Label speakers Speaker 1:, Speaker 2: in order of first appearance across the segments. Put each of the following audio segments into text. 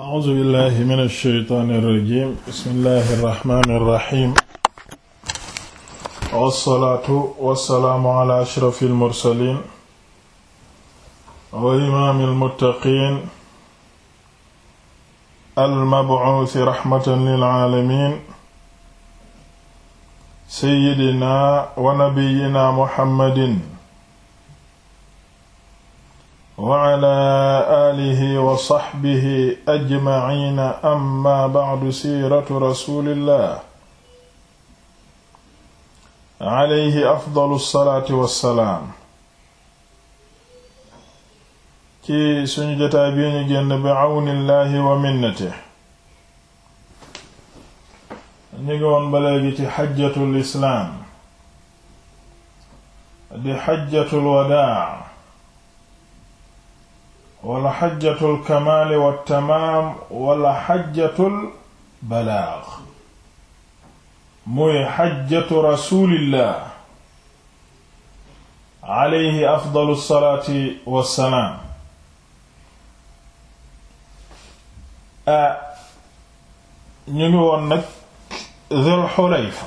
Speaker 1: a'uuzu billahi min ash-shaytaani ar-rajiim bismillahi ar-rahmaani ar-rahiim wassalaatu wassalaamu ala ashrafi al-mursaliin wa imaami al-muttaqiin al-mab'uusi rahmatan lil-'aalamiin sayyidinaa wa nabiyyinaa muhammadin wa ala aalihi wa saxbihi ajmaciina amma bacdu siiratu rasulillah alayhi afdalu salaati wassalaam ci suñu jotaay bi ñu génn bi awnillahi wa minnatihi ñu ngi woon ba léegi ci xajjatul islaam di xajjatul wadaa wala xajjatul kamaali wa tamaam wala xajjatul balaag muy xajjatu rasulillah alayhi afdalu salaati wa salaam ñu ngi woon nag Zul Xulayfa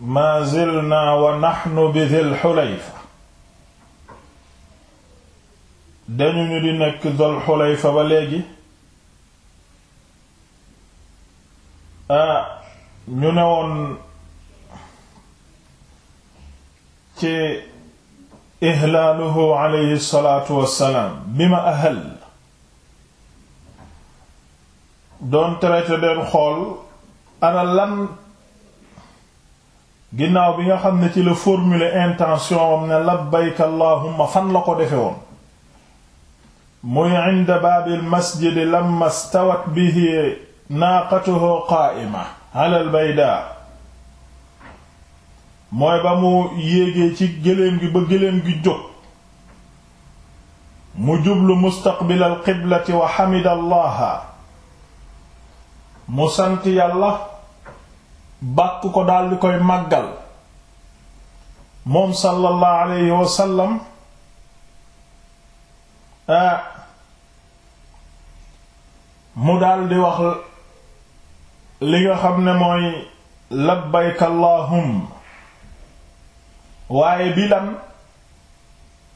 Speaker 1: maa zilnaa wa naxnu bi Zul Xulayfa dañu ñu di nekk Dul Xulayfa ba léegi ñu ne woon ci ihlaaluhu alayhi salaatu wassalaam bima ahal doon xool ana ginnaaw bi nga xam ne ci la formule intention am ne labbayka allahumma fan la ko defe woon muy inda baabil masjidi lamma stawat bihi naaqatuhu qaa'ima alal baydaa mooy ba mu yéegee ci gëléem gi ba gi jóg mu jublu mustaqbilal qiblati wa xamida allaha mu sant yàlla bàkk ko daldi koy màggal moom sallallahu alayhi wa Ah. mu daldi wax li nga xam ne mooy labbayka allahumma waaye bi lan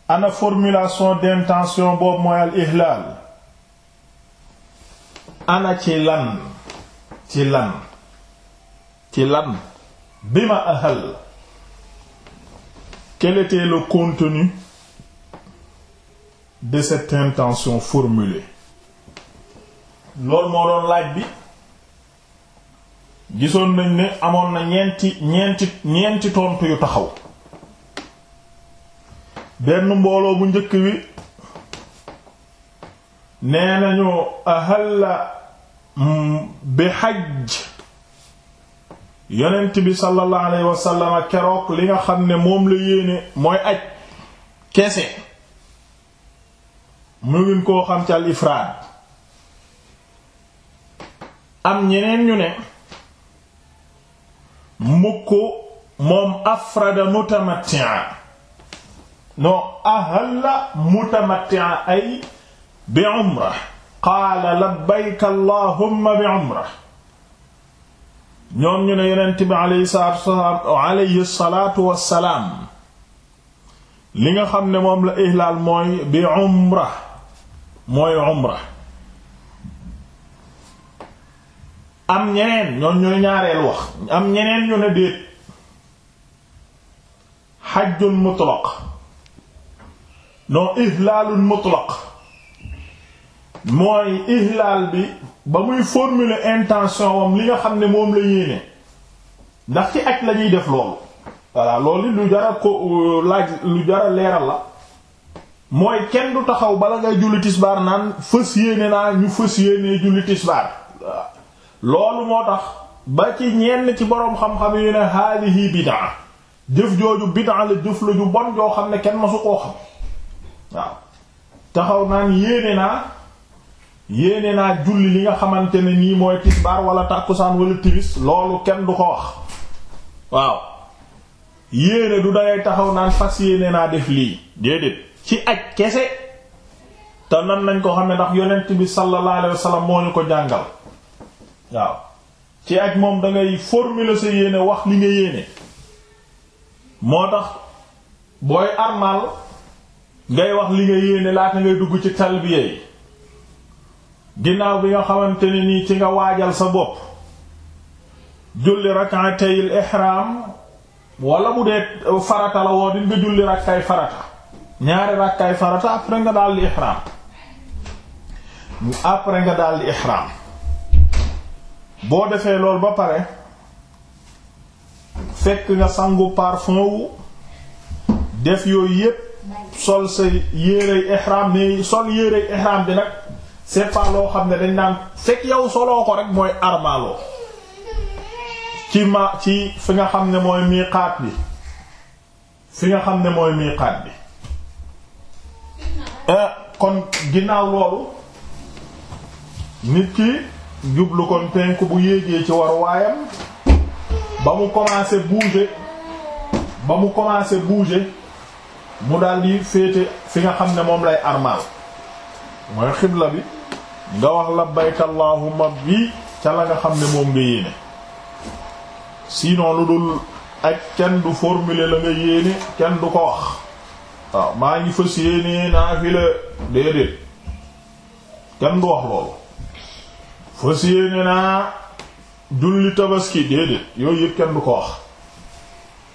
Speaker 1: ana formulation d'intention boobu mooy al ana ci lan ci lan ci lan bi ma ahal quel était le de cette intention formulée loolu moo doon laaj bi gisoon nañ ni amoon na ñeenti ñeenti ñeenti tontu yu taxaw benn mbooloo bu njëkk wi nee nañu ahalla bi hajj yonent bi sallallahu alayhi wa keroog li nga xam ne moom la yéene mooy aj kese mu ngeen koo xam ci am ñeneen ñu ne mukk moom afrada mutamatti'a non ahalla mutamatti'a ay bi umra qaala labbayka bi umra ñoom ñu ne yeneen bi alayhi salaatu wassalaam alayhi salaatu wassalaam li nga xam ne moom la ihlaal mooy bi umra mooy umra am ñeneen ñoon ñooy ñaareel wax am ñeneen ñu ne déet xajjun mutlaq non ihlaalun mutlaq mooy ihlaal bi ba muy formuler intention wam li nga xam ne moom la yéene ndax ci aj la def loolu voilà loolu lu jara ko euh, laaj lu jara leeral la mooy kenn du taxaw bala ngay julli tisbaar naan fës yéene naa ñu fës yéene julli tisbaar loolu moo tax ba ci ñenn ci boroom xam-xam yu ne haadihi bid'a jëf jooju bid'a la jëf la ju bon joo xam ne kenn masu koo xam waaw taxaw naan yéene naa yéene naa julli li nga xamante ne nii mooy tisbaar wala tàkkusaan wala timis loolu kenn du ko wax waaw yéene du dangay taxaw naan fas yéene naa def lii déedéet ci aj kese te nan nañ ko xam ne ndax yonent bi sallallahu alayhi wasallam moo ñu ko jàngal waaw ci aj moom dangay formuler sa yéene wax li nga yéene moo tax booy armal ngay wax li nga yéene laata ngay dugg ci talbiya yi ginnaaw bi nga xamante ne nii ci nga waajal sa bopp julli rak'atayil ihram wala mu dee farata la woo di nga julli rakkay farata ñaari rakkaay farata après nga daal di ihraam après nga daal di ihraam boo defee loolu ba pare fekk nga sangu parfum wu def yooyu yépp sol sa yérey ihraam ni sol yérey ihraam bi nag c'est pas loo xam ne dañ naan fekk yow soloo ko rek mooy armaaloo ci ma ci fi nga xam ne mooy miiqaat bi fi nga xam ne mooy miiqaat bi Eh, kon ginnaaw loolu nit ki jublu kon penku bu yéegee ci war waayam ba mu commencé bouger ba mu commencé bouger mu daldi féete fi nga xam ne moom lay armaal mooy xibla bi nga wax labbayka allahumma bi ca la nga xam ne moom nga yéene sinon lu dul ak kenn du formuler la nga yéene kenn du ko wax waaw maa ngi fas yéenee naafila déedéet kenn du wax loolu fas yéene naa julli tabaski déedéet yooyu yëpp kenn du ko wax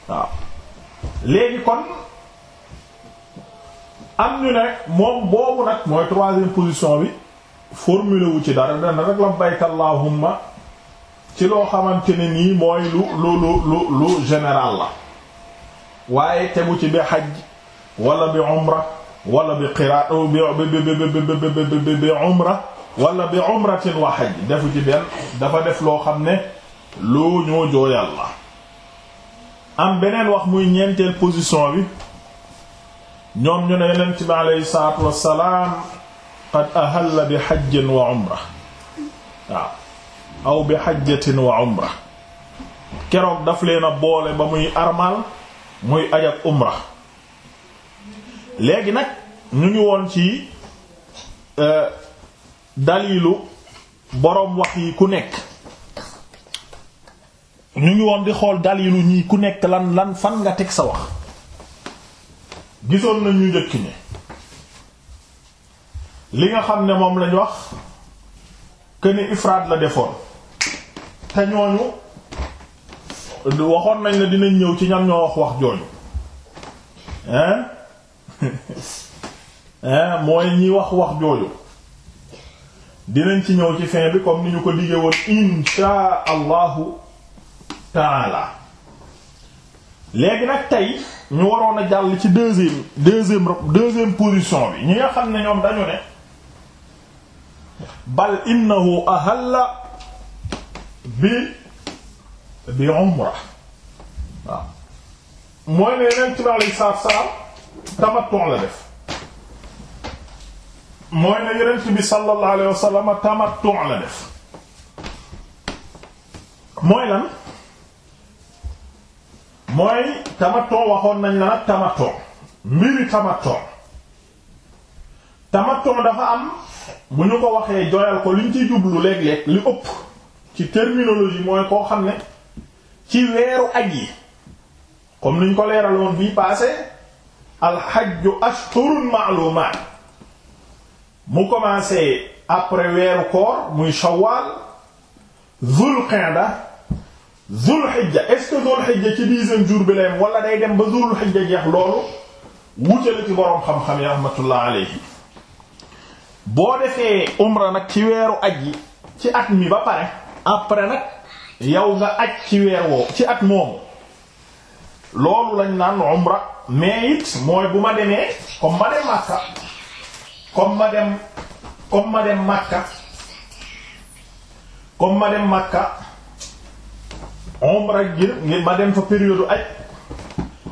Speaker 1: waaw léegi kon am ñu ne moom boobu nag mooy troisième position bi formule wu ci dara dana rek labbayka allahumma ci loo xamante ne nii mooy lu lu lu lu lu général la waaye tegu ci ba xaj wala bi umra walla bi qiraat wala bi umratin wa hajj defu ci benn dafa def loo xam ne loo ñoo jooyal am beneen wax muy ñeenteel position bi ñoom ñu ne yonent bi aleyhi salaatu wassalaam qad ahalla bi hajjin wa umra aw bi hajjatin wa umra keroog daf leen a boole ba muy armal muy ajak umra léegi nag ñu ngi woon ci euh, dalilu boroom wax yi ku nekk ñu ngi woon di xool dalilu ñii ku nekk lan lan fan nga teg sa wax gisoon nañ ñu njëkk ni li nga xam ne moom lañ wax këni ifraat la defoon te ñooñu waxoon nañ la dinañ ñëw ci ñam ñoo wax wax jooju mooy ñi wax wax jooju dinañ ci ñëw ci fin bi comme ni ñu ko digge woon insha allahu taala léegi nag tey ñu waroon a jàll ci deuxième ro deuxième position bi ñi nga xam ne ñoom dañu ne bal innahu ahalla bi bi umra waaw mooy ne neen ci bi alei salaatu salaam tamattu la def mooy ne yonent bi sallallahu alayhi wa sallam def mooy lan mooy tamattu waxoon nañ la nag tamattu mbiri tamattu tamattu dafa am bu ñu ko waxee joyal ko liñ ciy jublu léeg-léeg li ëpp ci terminologie mooy koo xam ne ci weeru ak yi comme niñ ko leeraloon bii passé al hajju ashhurun ma'lumat mu commencé après weeru koor muy shawwal zul qa'da zul xijja est-ce que ci dixième jour bi lay wala day dem ba zul xijja jeex loolu wute la ci boroom xam-xam yi rahmatullah alayhi boo defee umra nag ci weeru aj yi ci at mi ba pare après nag yow nga aj ci weer woo ci at moomu loolu lañ naan umra mais it mooy bu ma demee comme ma dem comme ma dem comme ma dem Makka comme ma dem Makka umra ngir ngir ma dem fa période aj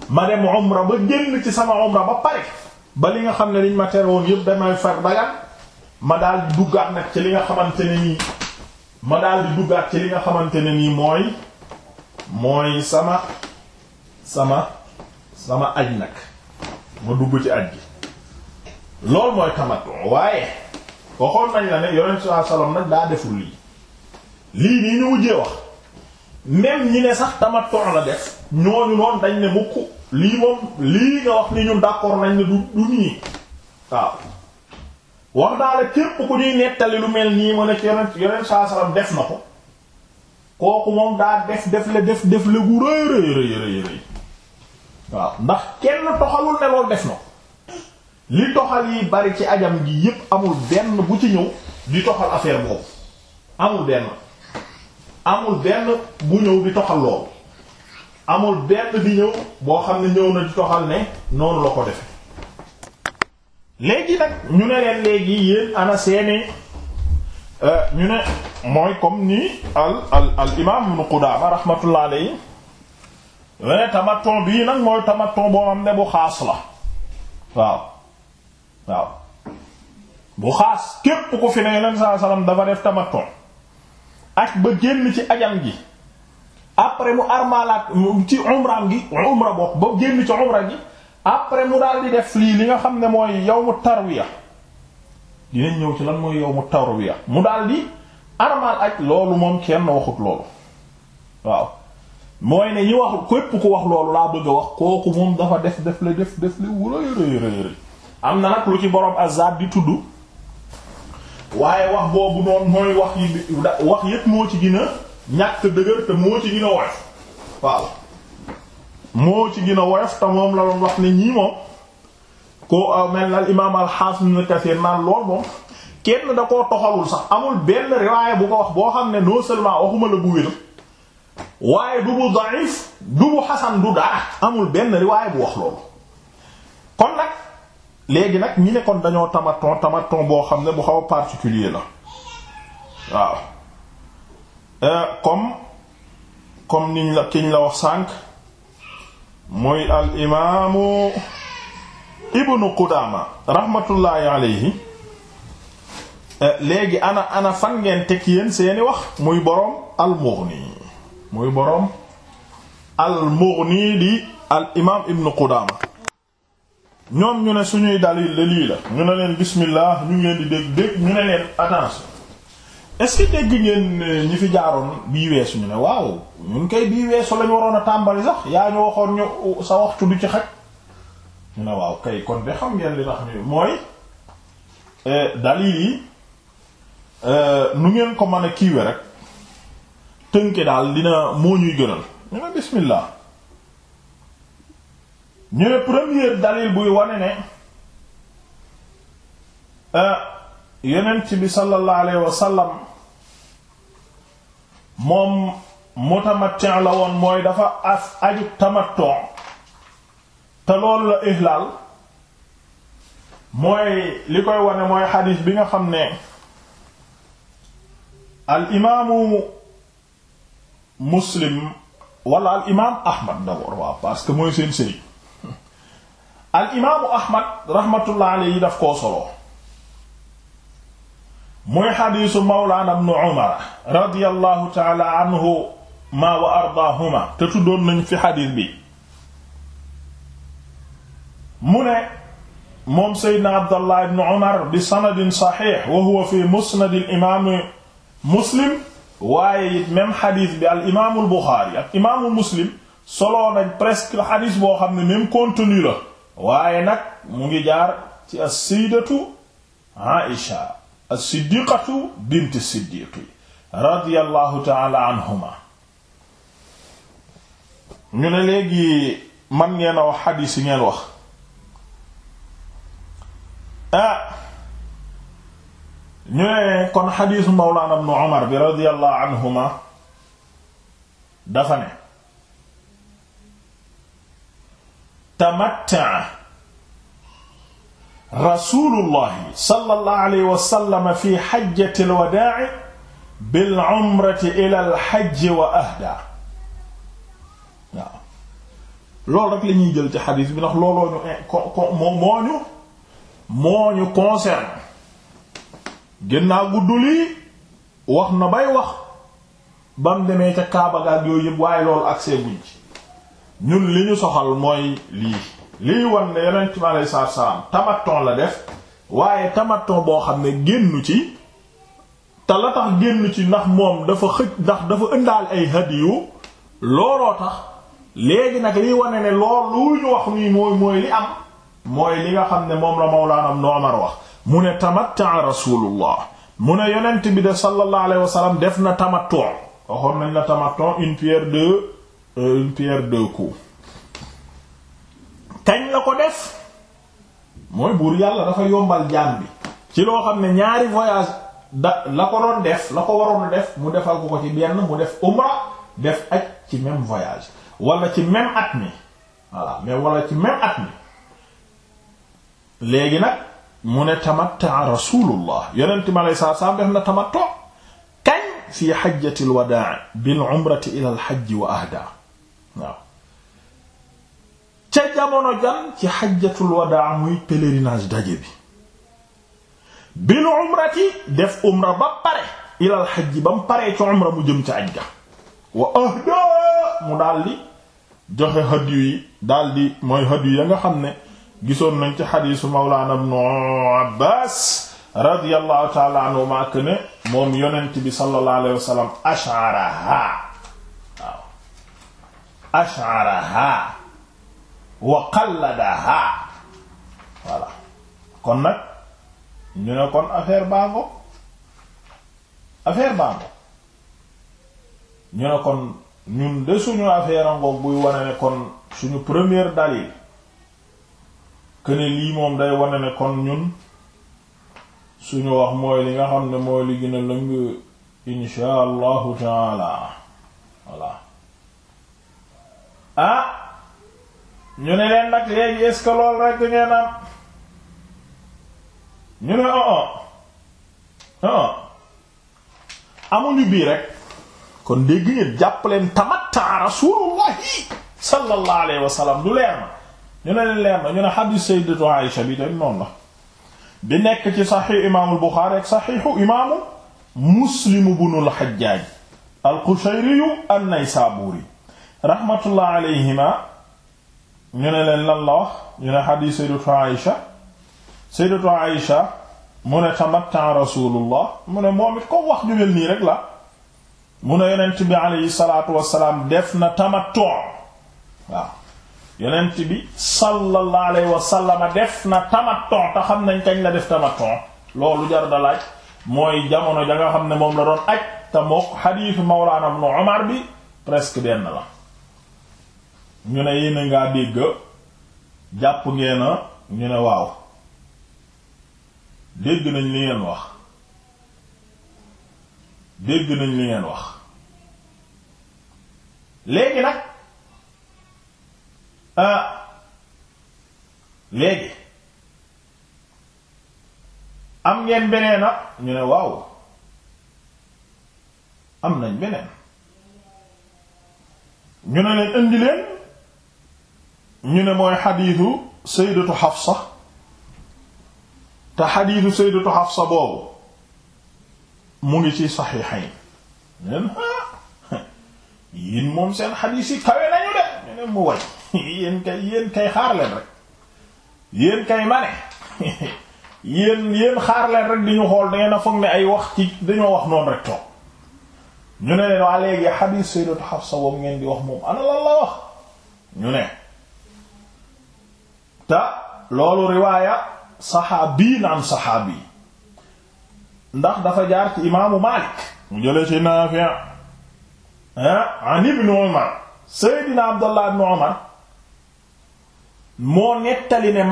Speaker 1: ma dem umra ba génn ci sama umra ba pare ba li nga xam ne liñ ma tere woon yëpp damay far dagan ma daal di duggaat nag ci li nga xamante ne nii ma daal di duggaat ci li nga xamante ne nii mooy mooy sama sama sama aj nag ma dugg ci aj gi loolu mooy tamattu waaye waxoon nañ la ne yonent sallallahu nañ wasallam nag daa deful lii lii nii ñu mujjee wax même ñi ne sax tamattu la def ñooñu noonu dañ ne mukk lii moom lii nga wax ni ñun d'accord nañ ne du du nii waaw wax naa la képp ku ñuy nettali lu mel nii ma ne ci yonent yonent sallallahu def na ko kooku moom daa def def def def la gu rëy rëy rëy rëy waaw ndax kenn toxalul ne loolu def na ko li toxal yi bari ci ajam gi yépp amul benn bu ci ñëw di toxal affaire boobu amul benn amul benn bu ñëw di toxal loolu amul benn bi ñëw boo xam ne ñëw na di toxal ne noonu la ko defe léegi nag ñu ne leen léegi yéen ana seeni euh, ñu ne mooy comme ni al al al imaam Ibn Qudaama rahmatullah alayhi wene tamaton bii nag mooy tamaton boo xam ne bu xaas la waaw waaw bu xaas képp ko fi ne yonent saa salaam dafa def tamattu ak ba génn ci ajam gi après mu armalaat ci umraam gi umra bokk ba génn ci umra gi après mu daal di def lii li nga xam ne mooy yawmu tarwiya dinañ ñëw ci lan mooy yawmu tarwiya mu daal di armal aj loolu moom kenn waxut loolu waaw mooy ne ñi wax képp ku wax loolu laa bëgg a wax kooku moom dafa def def la def def la wurëy rëy rëy am na nag lu ci borom azab di tudd waaye wax boobu noonu mooy wax yi wax yépp moo ci gën a ñàkk dëgër te moo ci gën a woyof waaw moo ci gën woyof te moom la doon wax ne ñii moom ko euh, mel na al imaam al xaafis ibn naan lool moom kenn da koo toxalul sax amul benn riwaaya bu ko wax boo xam ne non seulement waxuma la bu wér waaye du bu da'if xasan du dara amul benn riwaaya bu wax loolu kon nag léegi nag ñi ne kon dañoo tamaton tamaton boo xam ne bu xaw a particulier la waaw euh, comme comme niñ la kiñ la wax sànq muy al imaamu ibnu Qudaama rahmatullahi alayhi euh, léegi ana ana fan ngeen teg yéen seeni wax muy boroom al Mughni muy boroom al Mughni di al imaam ibnu Qudaama ñoom ñu ne suñuy dalil la lii la ñu ne leen bismillah ñu ngeen di dégg dégg ñu ne leen attention est-ce que dégg ngeen euh, ñi fi jaaroon bii weesu ñu ne waaw ñun kay bii weesu lañu waroon a tàmbali sax yaa ñu waxoon ñu uh, sa waxtu du ci xaj ñu ne waaw kay kon de xam ngeen li tax mooy euh, dalil yi euh, nu ngeen ko mën a kiiwe rek tënke daal dina moo ñuy gënal ñu ne bismillah ñu ne premier dalil buy wane ne euh, yonent bi sallallahu alayhi sallam moom mutamatti la woon mooy dafa as aju tamattu te loolu la ihlaal mooy li koy wane mooy xadiis bi nga xam ne al imaamu muslim wala al imaam ahmad d'abord waaw parce que mooy seen sëriñ al imaamu ahmad rahmatullah alayhi daf koo soloo muy xadiisu mawlaana ibnu umar radiyallahu taala anhu ma wa ardaahuma te tuddoon nañ fi xadiis bi mu ne moom seydna abdallah ibnu umar bi sanadin saxiix muslim waaye it même xadiis muslim soloo nañ presque xadiis boo xam ne même waaye nag mu ngi jaar ci as-sayyidatu Aisha as-siddiqatu bint as-siddiq radiyallahu ta'ala anhuma ñu ne léegi man ngeen a wax ngeen wax ah ñu ne kon xadiisu mawlana ibn Umar bi radiyallahu anhuma dafa ne tamatta'a rasuulullahi sallallahu alayhi wa sallam fi hajjatil wadaa'i bil umrati ilal waaw loolu rek la jël ci xadiis bi ndax looloo ñu moo ñu moo ñu concerne ginnaaw guddul yi wax na bay wax ba demee ca Kaaba ga yooyu yëpp waaye loolu ak see guñ ñun li ñu soxal mooy lii lii wan ne yonent bi aleyhi salaatu salaam tamaton la def waaye tamaton boo xam ne génnu ci te la tax génn ci ndax moom dafa xëj ndax dafa ëndaal ay hadiyu looloo tax léegi nag liy wane ne loolu ñu wax nii mooy mooy li am mooy li nga xam ne moom la mawlaanam noomar wax mu ne tamatta rasulullah mu ne yonent bi de sallallahu alayhi wa def na tamattu waxoon nañ la tamattu une pierre deux Euh, une pierre deux kañ la ko def mooy buur yàlla dafa yombal jaam bi ci loo xam ne ñaari voyage da la ko doon def la ko waroon def mu defal ko ci benn mu def umra def aj ci même wala ci même at mi voilà mais wala ci même at mi léegi nag mu ne tamatta rasulullah yonent mi alei satu salaam def na tamatto kañ fi hajjatil wadaa bil umrati ila al wa ahda waaw ca jamono jan ci xajjatul wadaa muy pèlerinage daje bi bil umrati def umra ba pare ilal xajji ba mu paree ci umra mu jëm ca aj ga wa ahda mu daldi joxe hadiyu yi daldi mooy hadiyu ya nga xam ne gisoon nañ ci xadiisu mawlaana ibnu Abbaas radiyallahu ta'ala anhuma ne moom yonent bi sallallahu alayhi wasallam ash'araha wa qalladaha voilà kon nag ñu ne kon affaire bango affaire bango ñu ne kon ñun de suñu affaire ngoog buy wane ne kon suñu première dalil këne lii moom day wane ne kon ñun suñu wax mooy li nga xam ne mooy li gën a lëng insha allahu taala voilà ah ñu ne leen nag léegi est lool rek ngeen am ñu ne oo oh, oo oh, oh, amuñu bii rek kon dégg ngeen jàpp leen tamatta rasulullahi sallallahu alayhi wa sallam du leer na ñu ne leen leer na ñu ne xadiis sayyidatu Aïsha bi tamit noonu la bi nekk ci saxiix imaamul Buxaari ak saxiixu imaamu Muslim ibnul Hajjaaj al-Qushayri an-Naysaburi rahmatullah alayhima ñu ne leen lan la wax ñu ne xadiis sayyidatu Aïsha sayyidatu Aïsha mu ne tamatta rasulullah mu ne moom it ko wax ñu mel nii rek la mu ne yonent bi alayhi salaatu wassalaam def na tamattu waaw yonent bi sallallahu alayhi wasallam def na tamattu te xam nañ kañ la def tamattu loolu jar da laaj mooy jamono ja nga xam ne moom la doon aj te mook xadiisu mawlaana ibnu Umar bi presque benn la ñu ne yéen ngaa dégg jàpp a ñu ne waaw dégg nañ li ngeen wax dégg nañ li ngeen wax léegi nag ah léegi am ngeen beneen a ñu ne waaw am nañ beneen ñu ne leen indi leen ñu ne mooy xadiisu sayyidatu Xafsa te xadiisu sayyidatu Xafsa boobu mu ngi ci saxiixayn neen yéen moom seen xadiis yi kawe nañu de ñu ne mu way yéen kay yéen kay xaar leen rek yéen kay mane yéen yéen rek di xool da ngeen a foog ne ay wax ci dañoo wax noonu rek toog ñu ne waa léegi xadiis sayyidatu Xafsa boobu ngeen di wax moom ana ñu ne te loolu riwaaya saxaabiin an saxaabi ndax dafa jaar ci imaamu Maalik mu jële ci Naafi' ah, an ibn Umar Seydina Abdallah ibn Umar moo nettali ne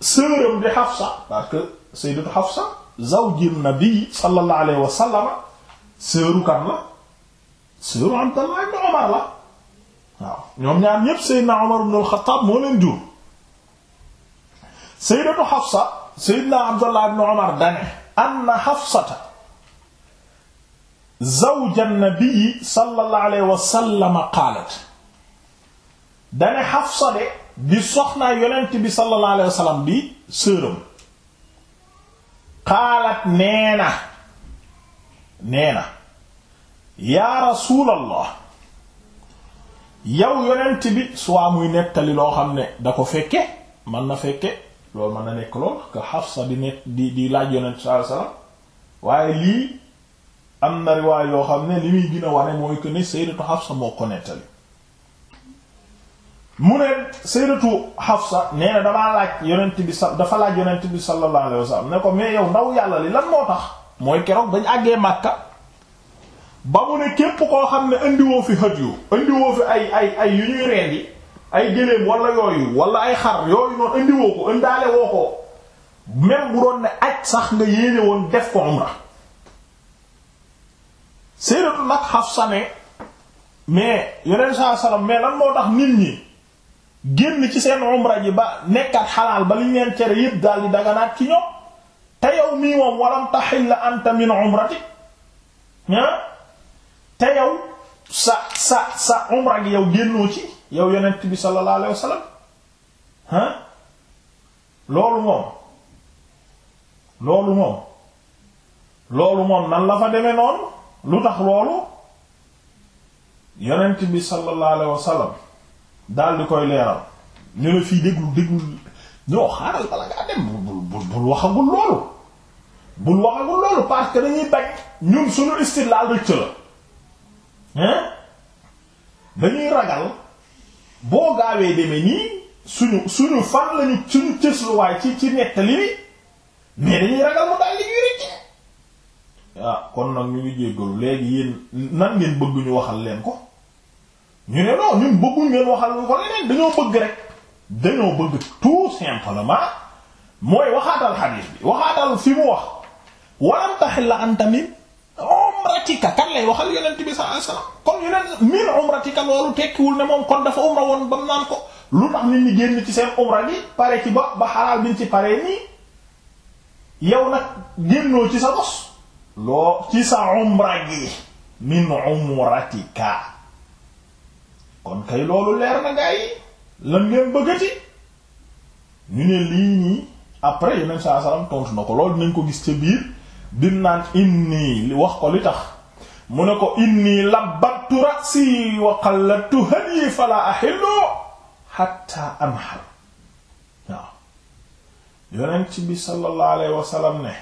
Speaker 1: sëram di Hafsa parce que Sayyidatu Hafsa zawji nabi sallallahu alayhi wa sallam sëru kan la sëru Abdallah ibn Umar la waaw ñoom ñaar ñépp Seydina Umar ibn al-Khattab moo leen jur sayyidatu Hafsa sayyidna Abdullah ibn Umar dane anna Hafsata zawja an-nabi sallallahu alayhi wa sallam qaalat dane Hafsa de di soxnaa yonent bi sallallahu alayhi wa sallam di sëram qaalat nee na nee na yaa rasuulallah yow yonent bi su waa muy nettali loo xam ne da ko fekke man na fekke loolu ma na nekk lool que Hafsa di nekk di di laaj yonent saa salaam waaye lii am na riwaay yoo xam ne li muy gën a wane mooy que ne sayyidatu Hafsa moo ko nettali mu ne sayyidatu Hafsa nee na damaa laaj yonent bi sa dafa laaj yonent bi sallallahu alayhi wasallam ne ko mais yow ndaw yàlla li lan moo tax mooy keroog dañ àggee Makka ba mu ne képp koo xam ne indiwoo fi hëdd yu indiwoo fi ay ay ay yu ñuy rendi ay géléem wala yooyu wala ay xar yooyu noonu indi woo ko indaale woo ko même bu doon ne aj sax nga yéene woon def ko umra séeréetu nag Hafsa ne mais yeneen saa salaam mais lan moo tax nit ñi génn ci seen umra ji ba nekkat xalaal ba liñ leen cere yëpp daal di daganaat ci ñoom te yow mii moom walam tahilla anta min umrati te yow sa sa sa umra gi yow génnoo ci yow yonent bi sallallahu alayhi wasallam ah loolu moom loolu moom loolu moom nan la fa demee noonu lu tax loolu yonent bi sallallahu alayhi wasallam daal di koy leeral ñu ne fii déglu déglu ñoo xaaral bala ngaa dem bul bul bul waxagul loolu bul waxagul loolu parce dañuy bañ ñun suñu istidlaal rëcc la hein dañuy ragal. boo gaawee demee nii suñu suñu fan lañu suñu cësluwaay ci ci nettali bi mais dañuy ragal mu daal li ñuy rëcc waaw ah, kon nag ñu ngi jéggalu léegi yéen nan ngeen bëgg ñu waxal leen ko ñu ne non ñun bëgguñ ngeen waxal ko leneen dañoo bëgg rek dañoo bëgg tout simplement mooy waxaatal xadiis bi waxaatal fi mu wax walam taxil la an tamit umratika kan lay waxal yonent bi sallallahu alayhi wasallam kon yonent min umratika loolu tekkiwul ne moom kon dafa umra woon bam naan ko lu tax nit génn ci seen umra bi pare ci ba ba xalaal biñ ci paree nii yow nag génnoo ci sa bos loo ci sa umra gi min umratika kon kay loolu leer na gaa yi lan ngeen bëggati ñu ne lii nii après yonent sallallahu alayhi wasallam tontu na ko loolu dinañ ko gis ca biir bim naan inni wax ko li tax mu ne ko inni labbattu ra'si wa qallattu hadyi fala ahillu hatta amhar waaw yonent bi sallallahu alayhi wa ne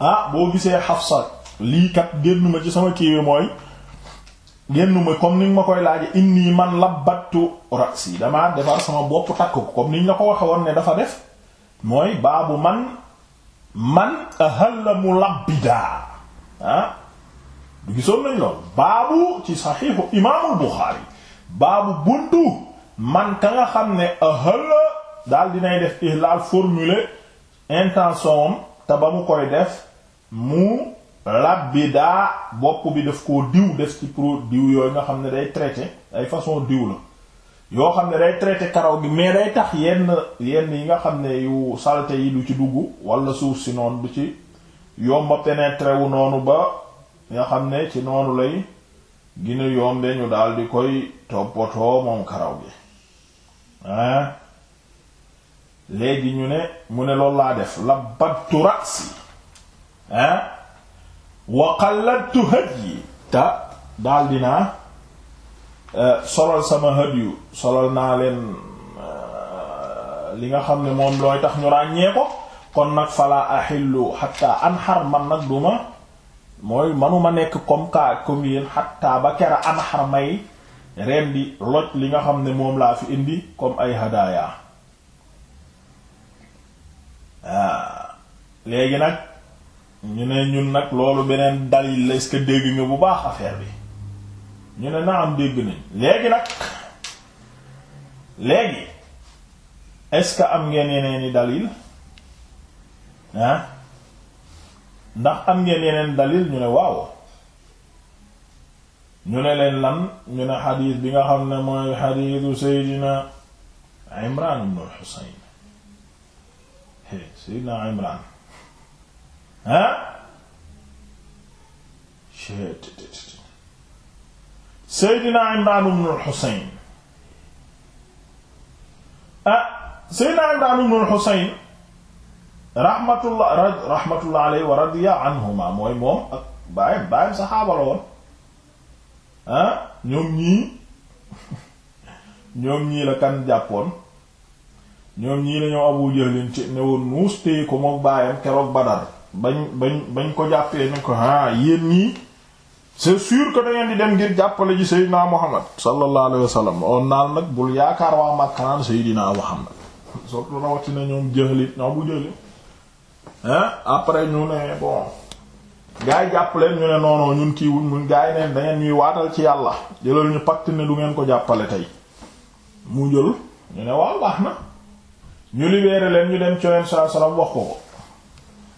Speaker 1: ah boo gisee Hafsa lii kat génnuma ci sama kiiwe mooy génnuma comme ni nga ma koy laaj inni man labbattu ra'si damaa defar sama bopp takk ko comme niñ la ko waxe woon ne dafa def mooy baabu man man ahalla mulabbidaa ah du gisoon nañ lool baabu ci saxiixu imaamul Buxaari baabu buntu man ka nga xam ne ahalla daal dinay def ihlaal formule intention am te ba mu koy def mu daa bopp bi daf koo diw def ci produit diw yooyu nga xam ne day traité ay façon diw la yoo xam ne day traité karaw gi mais day tax yenn yenn yi nga xam ne yu saleté yi du ci dugg walla suuf si noonu du ci yomba pénétré noonu ba nga xam ne ci noonu lay gina yombe ñu daal di koy toppatoo moom karaw gi léegi ñu ne mu ne loolu laa def labbattu rasi ah wa qalladtu hadyi ta daal dinaa Euh, solal sama hadiyu solal naa leen euh, li nga xam ne moom looy tax ñu ràññee ko kon nag fala ahillu hatta anhar man nag duma mooy manuma nekk comme ka comme yéen hatta ba kera anhar may ren loj li nga xam ne moom laa fi indi comme ay hadaya euh, léegi nag ñu ne ñun nag loolu beneen dalil la est-ce dégg nga bu baax affaire bi ñu ne naam dégg nañ léegi nag léegi est-ce am ngeen yeneeni dalil ah ndax am ngeen yeneen dalil ñu ne waaw ñu ne leen lan ñu ne xadiis bi nga xam ne mooy xadiisu Seydina Imraan ibn Husayn Seydina Imraan ah Seydina Imraan ibn al-Husayn ah Seydina Imraan ibn al-Husayn rahmatullah rahmatullah alayhi wa radiya anhuma mooy moom ak baayam baayam saxaaba la woon ah, ñoom ñii ñoom ñii la kan jàppoon ñoom ñii la ñoo ci ne woon nuus téye ko moom baayam keroog Badar bañ bañ bañ ko jàppee ne ko ah yéen ñii c'est sûr que da di dem ngir jàppale ji Seydina Muhammad sallallahu alayhi wa sallam on naan nag bul yaakaar waa Makka naan Seydina Muhammad surtout rawatina ñoom jëxlit ñoom bu jëli hein après ñu ne bon gars yi ñu ne noonoo ñun kii wuñ mu gars neen dangeen ñuy waatal ci yàlla jëlal ñu pacte ne du ngeen ko jàppale tey mu jël ñu ne waaw baax na ñu libéré leen ñu dem coleen saa salaam wax ko ko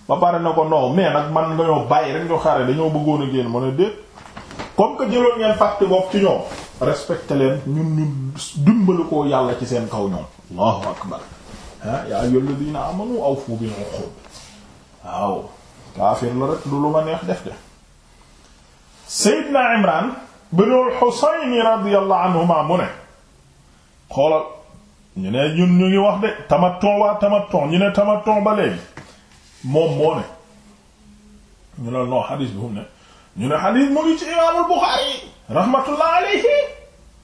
Speaker 1: ba pare na ko non mais nag man nga ñoo bàyyi rek ñu xare dañoo bëggoon a génn mu ne déet comme que jëloon ngeen pacte boobu ci ñoom respecté leen ñun ñu dimbali yàlla ci seen kaw ñoom allahu akbar ah yaa ayyuha alladhina amanu awfu bil uqud waaw kaafir la rek du lu ma neex def de Seydina Imran ibn al-Husayn anhuma mu ne xoolal ñu ne ñun ñu ngi wax de tamaton waa tamaton ñu ne tamaton ba léegi moom moo ne ñu la noo xadiis bi mu ne ñu ne xadiis mu ngi ci imaamul Buxaari rahmatullah alayhi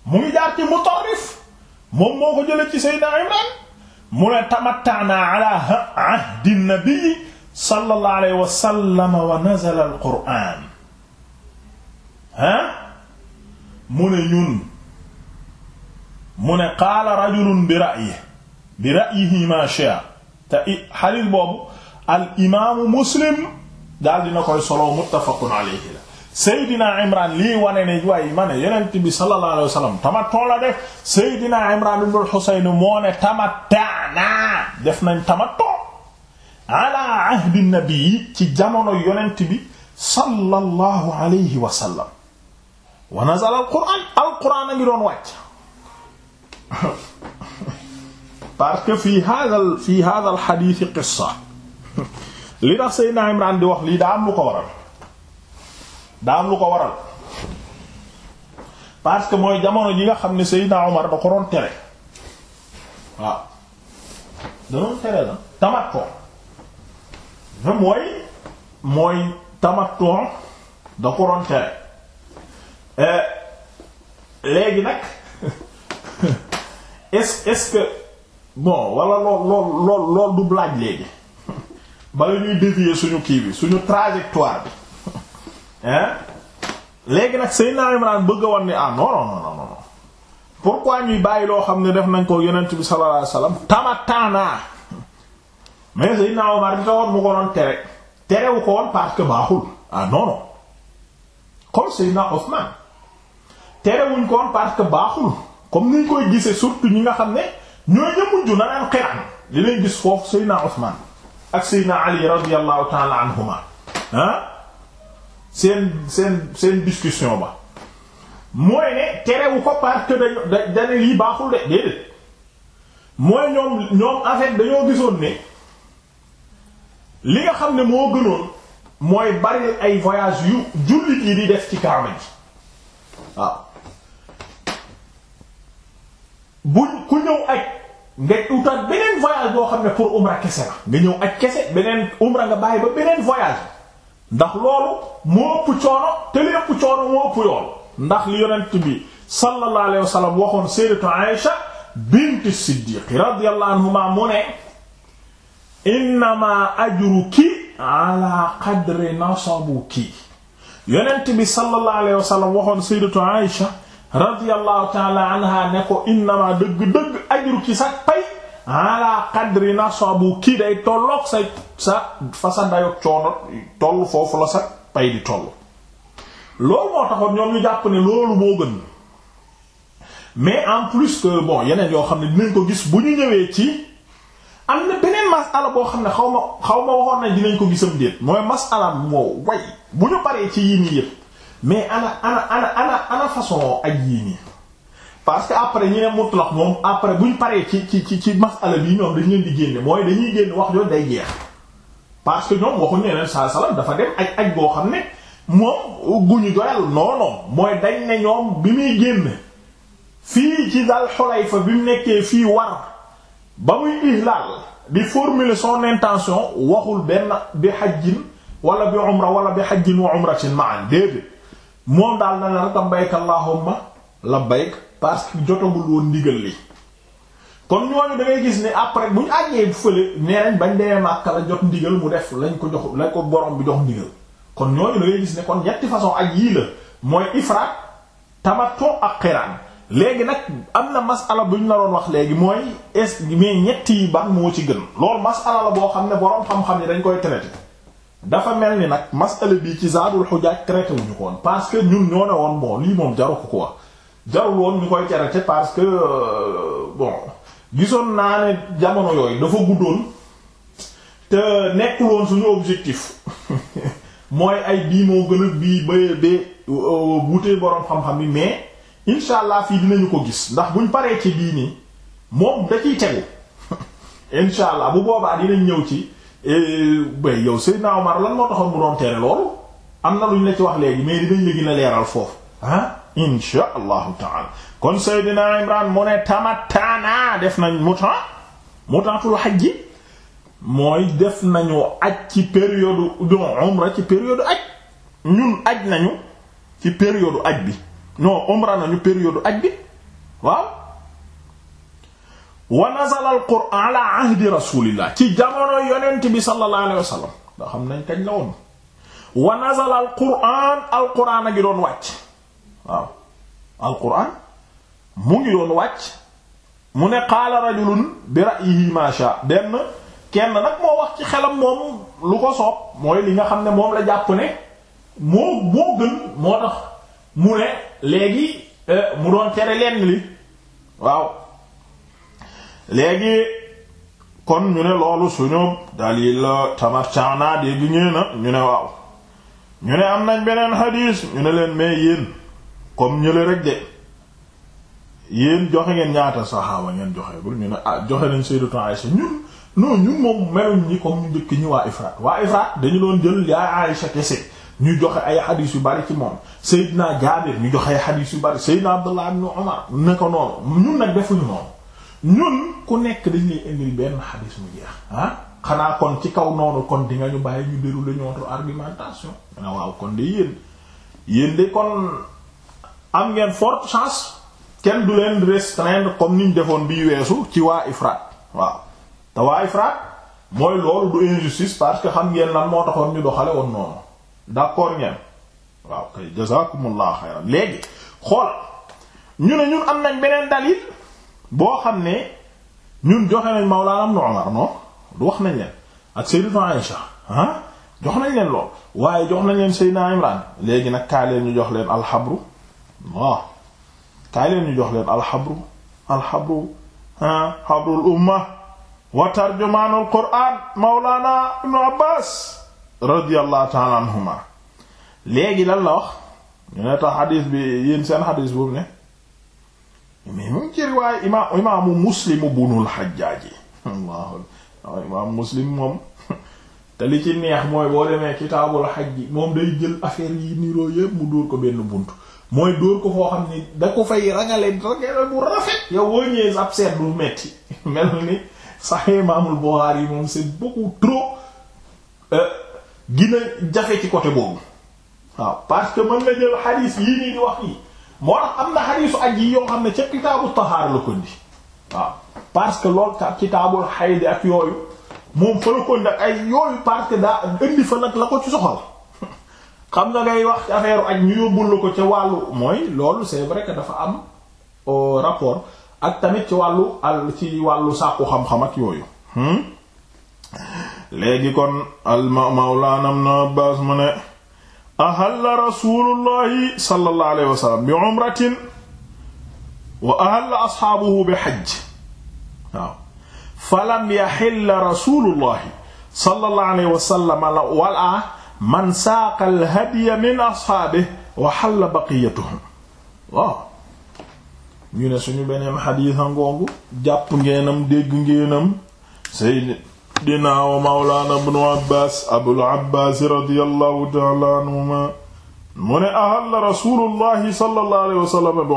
Speaker 1: mu ngi jaar ci Mutarrif moom moo ko jëlee ci Seydina Imran mu ne tamatta'naa ala ahdi nabii sallallahu alayhi wa sallam wa nazala al-Qur'aan ah mu ne ñun mu ne qaala rajulun bi ra'yihi bi ra'yihi maa shaa'a te i xadiis boobu al imaamu Muslim daal dina koy solo muttafaqun alayhi Seydina Imran lii wane ne waaye ma ne yonent bi sallallahu alayhi wa sallam tamattu la def Seydina Imran ibn al-Husayn moo ne tamattaana def nañ tamattu ala ahdi nabi ci jamono yonent bi sallallahu alayhi wa sallam wa nazala al-Qur'an al-Qur'an a ngi doon wàcc parce que fii hadha fii hadha al-hadith qissa li tax Seydina Imran di wax lii daa am lu ko waral daa lu ko waral parce que mooy jamono ji nga xam ne Seydina Omar da ko doon tere waaw da doon tere la tamattu même mooy mooy tamattu da ko doon tere eh, léegi nag est est-ce que bon wala lool lool lool lool du blaaj léegi bala ñuy dévier suñu kii bi suñu trajectoire bi léegi nag Seydina Imran bëgg won wan ni ah non non non non pourquoi ñuy bàyyi loo xam ne def nañ ko yonent bi sallallahu alayhi wasallam tamataanaa mais Seydina Omar bi taxoon mu ko doon tere terewu ko woon parce que baaxul ah non non comme Seydina terewuñ ko woon baaxul comme niñ koy gisee surtout ñi nga xam ne ñooy ñëpp mujj na naan xiraan gis foofu Seydina Ousmane ak Seydina Ali radiyallahu ta'ala anhuma ah. seen seen seen discussion ba mooy ne terewu ko parce que dañu dañu lii baaxul de déedéet mooy ñoom ñoom en dañoo gisoon ne li nga xam ne moo gënoon mooy bari ay voyage yu jullit yi di def ci kaaba ji waaw bu ku ñëw ak nga utaat beneen voyage boo xam ne pour umra kese la nga ñëw ak kese beneen umra nga bàyyi ba beneen voyage ndax loolu moo coono te coono moo yoon ndax li yonent bi sallallahu alayhi wa sallam waxoon sayyidatu Aïsha bint Siddiq radiyallahu anhuma mu ne innama ajruki ala qadri nasabuki yonent bi sallallahu alayhi wa sallam waxoon sayyidatu Aïsha radiyallahu ta'ala anha ne ko dëgg-dëgg ajruki sax ala qadri bu kii day tolloog sa sa fa sa dayoog coono toll foofu la sa pay di toll loolu moo taxoon ñoom ñu jàpp ne loolu moo gën mais en plus que bon yeneen yoo xam ne dinañ ko gis bu ñu ñëwee ci am na beneen masala boo xam ne xaw ma xaw ma waxoon nañ dinañ ko gisam déet mooy masala moo way bu ñu paree ci yii nii yëpp mais ana ana ana ana ana façon ak yii nii parce que après ñu ne mutlaq moom après buñ paree ci ci ci ci masala bi ñoom dañ leen di génne mooy dañuy génn wax jooju day jeex parce que ñoom waxuñ ne leen saa salaam dafa dem aj aj boo xam ne moom guñu doyal non non mooy dañ ne ñoom bi muy génn fii ci dal fa bi mu nekkee fii war ba muy ihlal di formuler son intention waxul benn bi xajjin wala bi umra wala bi xajjin wa umratin ma'an déedéet moom daal na la labbayka allahumma labbayk parce que jotagul woon ndigal li kon ñooñu da ngay gis ni après bu ñu àggee bu fële nee nañ bañ demee Makka la jot ndigal mu def lañ ko jox lañ ko borom bi jox ndigal kon ñooñu da gis ne kon ñetti façon ak yii la mooy ifraat tamattu ak xiraan léegi nag am na masala bu ñu la doon wax léegi mooy est mais ñetti yi moo ci gën loolu masala la boo xam ne borom xam-xam ni dañ koy traité dafa mel ni nag masala bii ci Zaadul Xujaaj traité wuñu ko woon parce que ñun ñoo ne woon bon lii moom jaru ko quoi jarul woon ñu koy tere parce que euh, bon gisoon naa ne jamono yooyu dafa guddoon te nekkul woon suñu objectif mooy ay bii moo gën a bii ba ba euh, wutee boroom xam-xam yi mais incha allah fii dinañu ko gis ndax buñ paree ci bii nii moom da tegu incha allah bu boobaa dinañ ñëw ci euh, bay yow Seydina Omar lan moo taxoon mu doon tere loolu am na lu ñu la ci wax léegi mais dinañ la gën leeral foofu ah. insha allahu taala kon Seydina Imran mu ne tamattaana def nañ muta mutaatul hajj mooy def nañu aj ci période du umra ci période aj ñun aj nañu ci période aj bi non umra nañu période aj bi waaw wa nazala al qur'an ala ahdi ci jamono yonent bi sallallahu alayhi xam nañ kañ la woon wa nazala doon wàcc waaw alquran mu ngi doon wàcc mu ne qaala rajulun bi ra'yihi ma sha benn kenn nag moo wax ci xelam moom lu ko soob mooy li nga xam ne moom la jàpp ne moo moo gën moo tax mu ne léegi euh, mu doon tere lenn li waaw léegi kon ñu ne loolu suñu dalil tamatana dégg ngeen na ñu ne waaw ñu ne am nañ beneen xadiis ñu ne leen mais yéen comme ñële rek de yéen joxe ngeen ñaata saxaaba ngeen joxe bul ñu ne a ah, joxe nañ sayyidatu Aïsha ñun non ñun moom meluñ ñi ko ñu njëkk ñi waa Ifrat waa Ifrat dañu doon jël yaa Aïsha kese ñu joxe ay xadiis yu bari ci moom naa Jaabir ñu joxe ay xadiis yu bari Seydina Abdullah ibn Umar ne ko noonu nag defuñu noonu ñun ku nekk dañ lay indil ah, xanaa kon ci kaw noonu di nga ñu ñu déroulé ñoom argumentation. waaw kon de yéen yéen de kon. am ngeen forte chance kenn du leen restreindre comme niñ defoon biy weesu ci waa Ifrat waaw te waa Ifrat mooy loolu du injustice parce que xam ngeen lan moo taxoon ñu doxale woon noonu d'accord ngeen waaw kay jazakumullah xayran léegi xool ñu ne ñun am nañ beneen dalil boo xam ne ñun joxe nañ Mawlaana Ibn Umar non du wax nañ leen ak Sayyidatuna Aïsha ah jox nañ leen lool waaye jox nañ leen Sayyidina Imran léegi nag kaa leen ñu jox leen alxabru waaw kaay leen ñu jox leen alxabru alxabru ah xabrul umma wa tarjumaanul quraan mawlaana ibnu léegi lan la wax ñu ne tax xadiis bi yéen seen xadiis boobu ne mais mu ngi ci riwaay imaamu muslimu bunul xajjaaj yi waaw imaamu muslim moom te li ci neex mooy boo demee kitaabul xaj moom day jël affaire yi niroo yépp mu dóor ko benn bunt mooy dóor ko foo xam ni da ko fay rangale rangale bu rafet yow woo ñëwee ab seet bu metti mel ni Sahih Imam Bukhari yi moom c'est beaucoup trop euh, gina jafe ci côté boobu waaw parce que mën nga jël xadiis yii nii di wax nii moo tax am na xadiisu aj yi yoo xam ne ca kitaabu tahaar la ko waaw parce que loolu ca kitaabul xaydi ak yooyu moom fa la ko ak ay yooyu parce que daa indi fa nag la ko ci soxal xam nga ngay wax ci affaire ak ñu yóbbul la ko ca wàllu mooy loolu dafa am euh, rapport ak tamit ci wàllu al ci wàllu sàkku xam-xam ak yooyu hmm? léegi kon al mawlaana ibn Abbaas mu ne ahalla rasulullahi sallallahu alayhi wa sallam bi umratin wa ahalla asxaabuhu bi xajj waaw man saaqa alhadiya min asxaabihi wa xalla baqiyatuhum waaw ñu ne suñu beneen xadiisa ngoogu jàpp ngeenam dégg ngeenam seydinaa wa mawlaana ibnu abbaas abul abbaas radiyallahu ta'ala anhuma mu ne ahalla rasuulullahi sallallahu alayhi wa sallam bi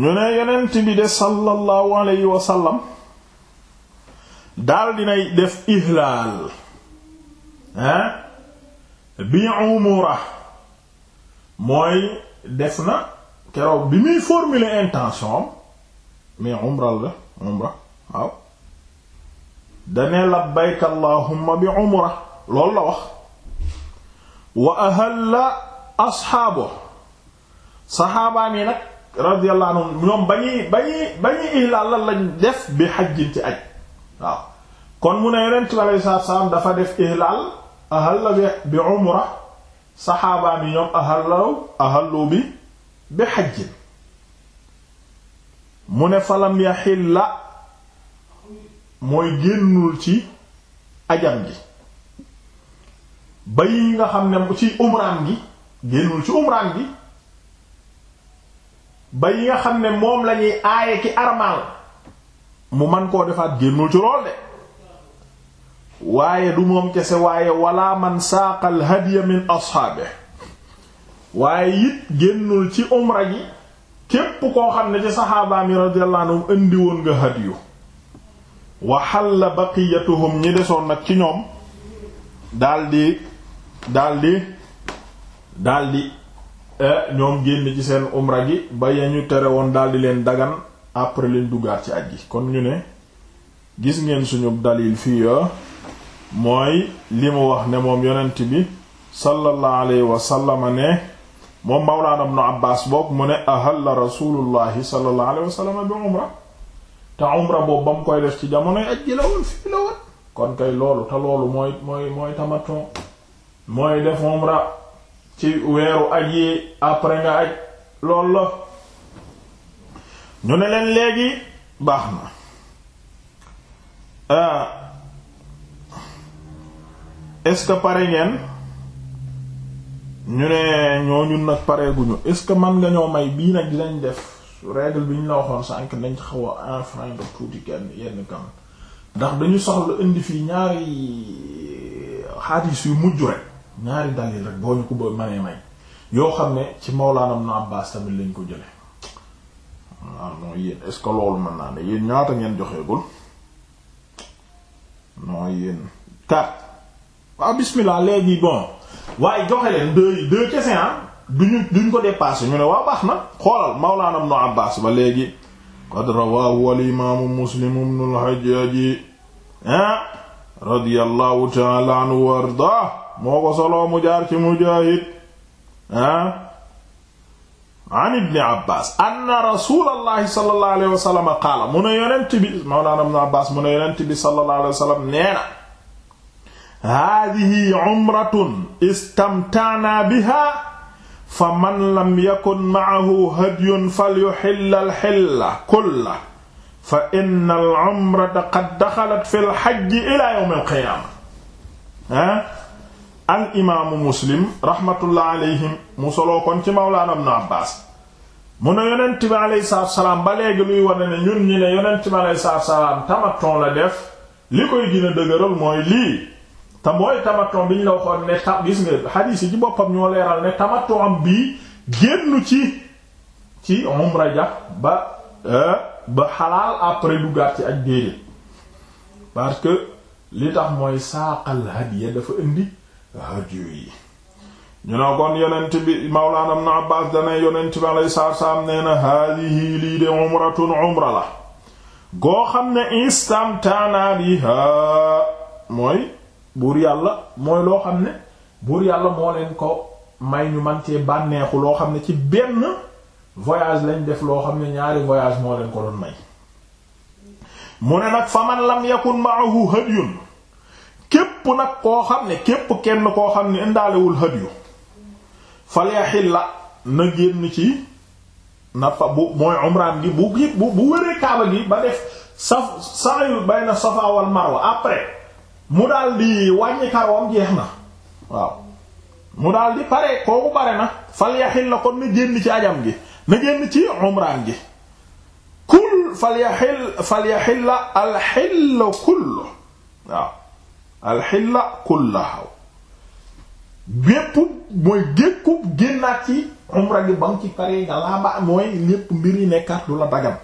Speaker 1: ñu ne yonent bi de sallallahu alayhi wa daal dinay def ihlaal bi mura mooy def na keroog bi muy formuler intention mais umral la umra waaw dane labbayka bi umra loolu la wax wa ahalla asxaabo saxaabaan yi nag radiyallahu anhum ñoom bañuy bañuy bañuy ihlaal la lañ def bi xajjin ci waaw kon mu ne yonent bi alayhi salaatu wa salaam dafa def ihlaal ahalla bi bi umra saxaabaa bi ñoom ahallaw ahallu bi bi xajjin mu ne falam la mooy génnul ci ajam gi ba yi nga xam ne ci umraan gi génnul ci umraan gi ba yi nga xam ne moom lañuy aaye ki armaal mu man koo defaat génnul ci lool de waaye du moom kese waaye walaa man saaqal hadiya min asxaabe waaye it génnul ci umra gi képp koo xam ne ci saxaabaa mi radiyallahu indi woon nga hadiyu wa xalla baqiyatuhum ñi desoon nag ci ñoom daldi daldi daldi e, ñoom génn ci seen umra gi ba ya ñu tere woon daldi leen dagan après leen duggaat ci aj kon ñu ne gis ngeen suñu dalil fii ah. mooy li mu wax ne moom yonent bi sallallahu alayhi wasallama ne moom mawlaana ibnu Abbaas boog mu ne ahalla rasulullahi sallallahu alayhi wasallama bi umra te umra boobu ba mu koy def ci jamonoy aj ji la woon fii la woon kon kay loolu te loolu mooy mooy mooy tamaton mooy def umra ci weeru aj yi après nga aj loolu la ñu ne leen léegi baax na euh, est-ce que pare ngeen ñu ne ñoo ñun nag pareeguñu est-ce que man nga ñoo may bii nag dinañ def règle bi ñu la waxoon sànq nañ xaw a enfreindre tuuti kenn yenn kan ndax dañu soxla indi fii ñaari xaadis yu mujj rek ñaari dalil rek boo ñu ko ba mënee may yoo xam ne ci mawlaanam na Abbaas tamit lañ ko jële waaw ah non yéen est loolu mën naa ne yéen ñaata ngeen joxeegul non yéen quatre waaw ah, bismillah léegi bon waaye joxe leen deux deux kese ah. duñu duñ ñu ne waa baax xoolal mawlaana ibnu Abbaas ba léegi qad rawaahu al imaamu Muslim ibnu al-Hajjaaj ah, radiyallahu ta'ala anhu wa ardaa moo ko soloo mu jaar ci Mujaahid an ibni Abbaas anna rasuulallahi sallallahu alayhi wa sallam qaala mu ne yonent bi mawlaana Abbaas mu ne yonent bi haadihi umratun istamtaana biha fa man lam yakun maahu hadyun falyuxilla alxilla kulla fa inna alumrata qad daxalat fi lxajji ila yowm alqiyaama ah al imaamu muslim rahmatullah alayhim mu soloo kon ci mawlaana ibnu abbaas mu ne yonent bi aleyhi salaatu salaam ba léegi luy wane ne ñun ñi ne yonent bi aleyhi salaatu salaam tamaton la def li koy gën a dëgëral mooy lii te mooy tamaton bi ñu la waxoon ne tam gis boppam ñoo leeral ne tamaton am bii génn ci ci umra ja ba euh, ba xalaal après duggaat ci ak déedéet parce que li tax mooy saaqal hadiya dafa indi hadiyu yi ñu ne kon yonent bi Mawlaana Ibn Abbaas dane yonent bi alayhi salaatu salaam nee na haadihi lii de umratun umra la goo xam ne istamtaana biha mooy buur yàlla mooy loo xam ne buur yàlla moo leen ko may ñu man cee bànneexu loo xam ne ci benn voyage lañ def loo xam ne ñaari voyage moo leen ko doon may mu ne nag fa man lam yakun ma'ahu hadyun képp nag koo xam ne képp kenn koo xam ne indaalewul hadyu falyaxilla na génn ci na fa bu mooy umraan gi bu bu wëree kaaba gi ba def saf sa'i bayna safa wal marwa après mu daal di wàññi na waaw mu daal di pare kooku bare na falyaxil la kon na génn ci ajam gi na génn ci umraan gi kul falyaxil falyaxilla alxilla kullu waaw alxilla kullahaw bépp mooy gékkub génnaat ci umra gi ba ci pare nga laa ba mooy lépp mbir yi nekkaat lu la dagam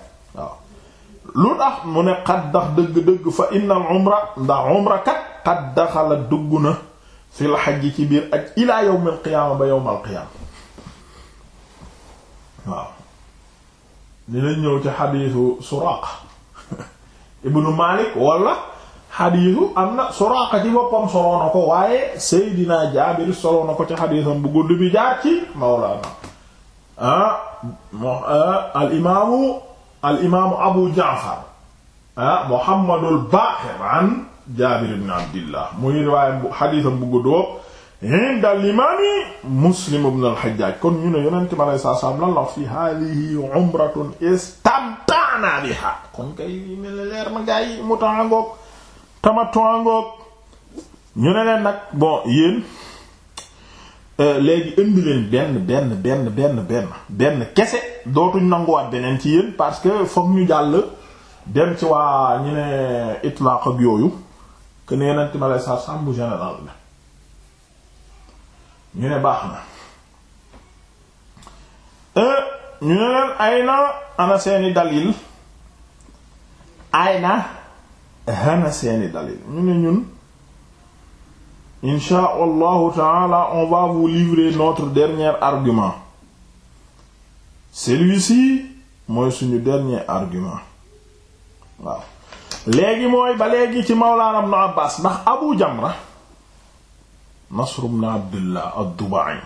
Speaker 1: lu tax mu ne xat dëgg-dëgg fa innal umra ndax umra kat xat daxala dugg na fil xaj ci biir ak ilaa yawmil qiyaama ba yawmal qiyaama waaw dinañ ñëw ci xadiisu Suraaqa ibnu Maalik wala xadiisu am na Suraaqa ci boppam soloo ko waaye Seydina Jaabir soloo na ci xadiisam bu gudd bi jaar ci Mawlaana ah, ah, al imaamu al imaamu abu jaafar ah muhammadul baaqir an jaabir ibn abdillah muy riwaayam bu xadiisam bu guddoo inda al imaami muslim ibn al xajjaaj kon ñu ne yonent bi aleyhi salaatu salaam lan la wax fi haadihi umratun istamta'naa bihaa kon kay leer na gaa yi mu taangoog tamattu angoog ñu ne leen nag bon yéen Euh, léegi indi leen benn benn benn benn benn benn kese dootuñ nanguwaat beneen ci yéen parce que fokk ñu jàll dem ci waa ñu ne itlaq ak yooyu que nee nañ ci ma lay général la ñu ne baax na euh, ñu ne leen ay ana seeni dalil ay na seeni dalil ñu ne ñun. Incha allahu taala on va vous livrer notre dernier argument celui mooy suñu dernier argument waaw léegi mooy ba léegi ci Mawlaana Ibn Abbaas ndax Abu Jamra Nasr ibn Abdullah ad-Dubai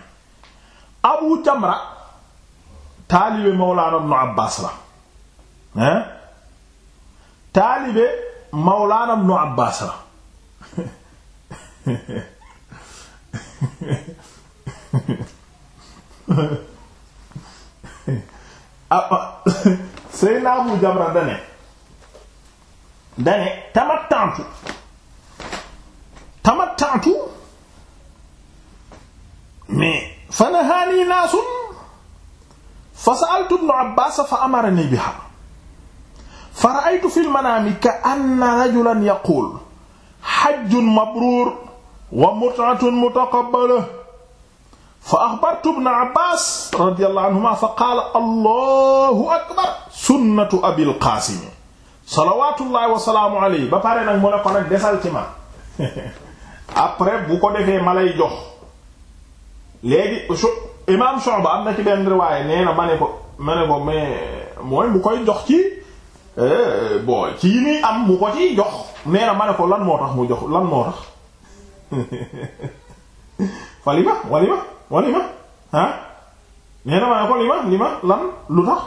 Speaker 1: Abu Jamra taalibe Mawlaana Ibn Abbaas la hein taalibe Mawlaana Ibn Abbaas la ah, ah. Seydina Abu Jamra dane dane tamattantu tamattantu mais fa nahaanii naasun fa sa'altu ibnu Abbaas fa amaranii bihaa fa ra'aytu fil manaami ka anna rajulan yaquulu hajjun mabruur wa mut'atun mutaqabbala fa axbartu ibn Abbaas radiyallahu anhuma fa qaala allahu akbar sunnatu abil qaasimi salawaatullahi wa salaamu alayhi ba pare nag mu ne ko nag desal ci ma après bu ko defee ma lay jox léegi su imaam Shu'ba am na ci benn riwaaye nee na ma ne ko ma ne ko mais mooy mu koy jox ci eh, bon ci yi muy am mu ko ciy jox nee na ma ne ko lan moo tax mu jox lan moo tax fa li ma wa li ma wa li ma lan lu tax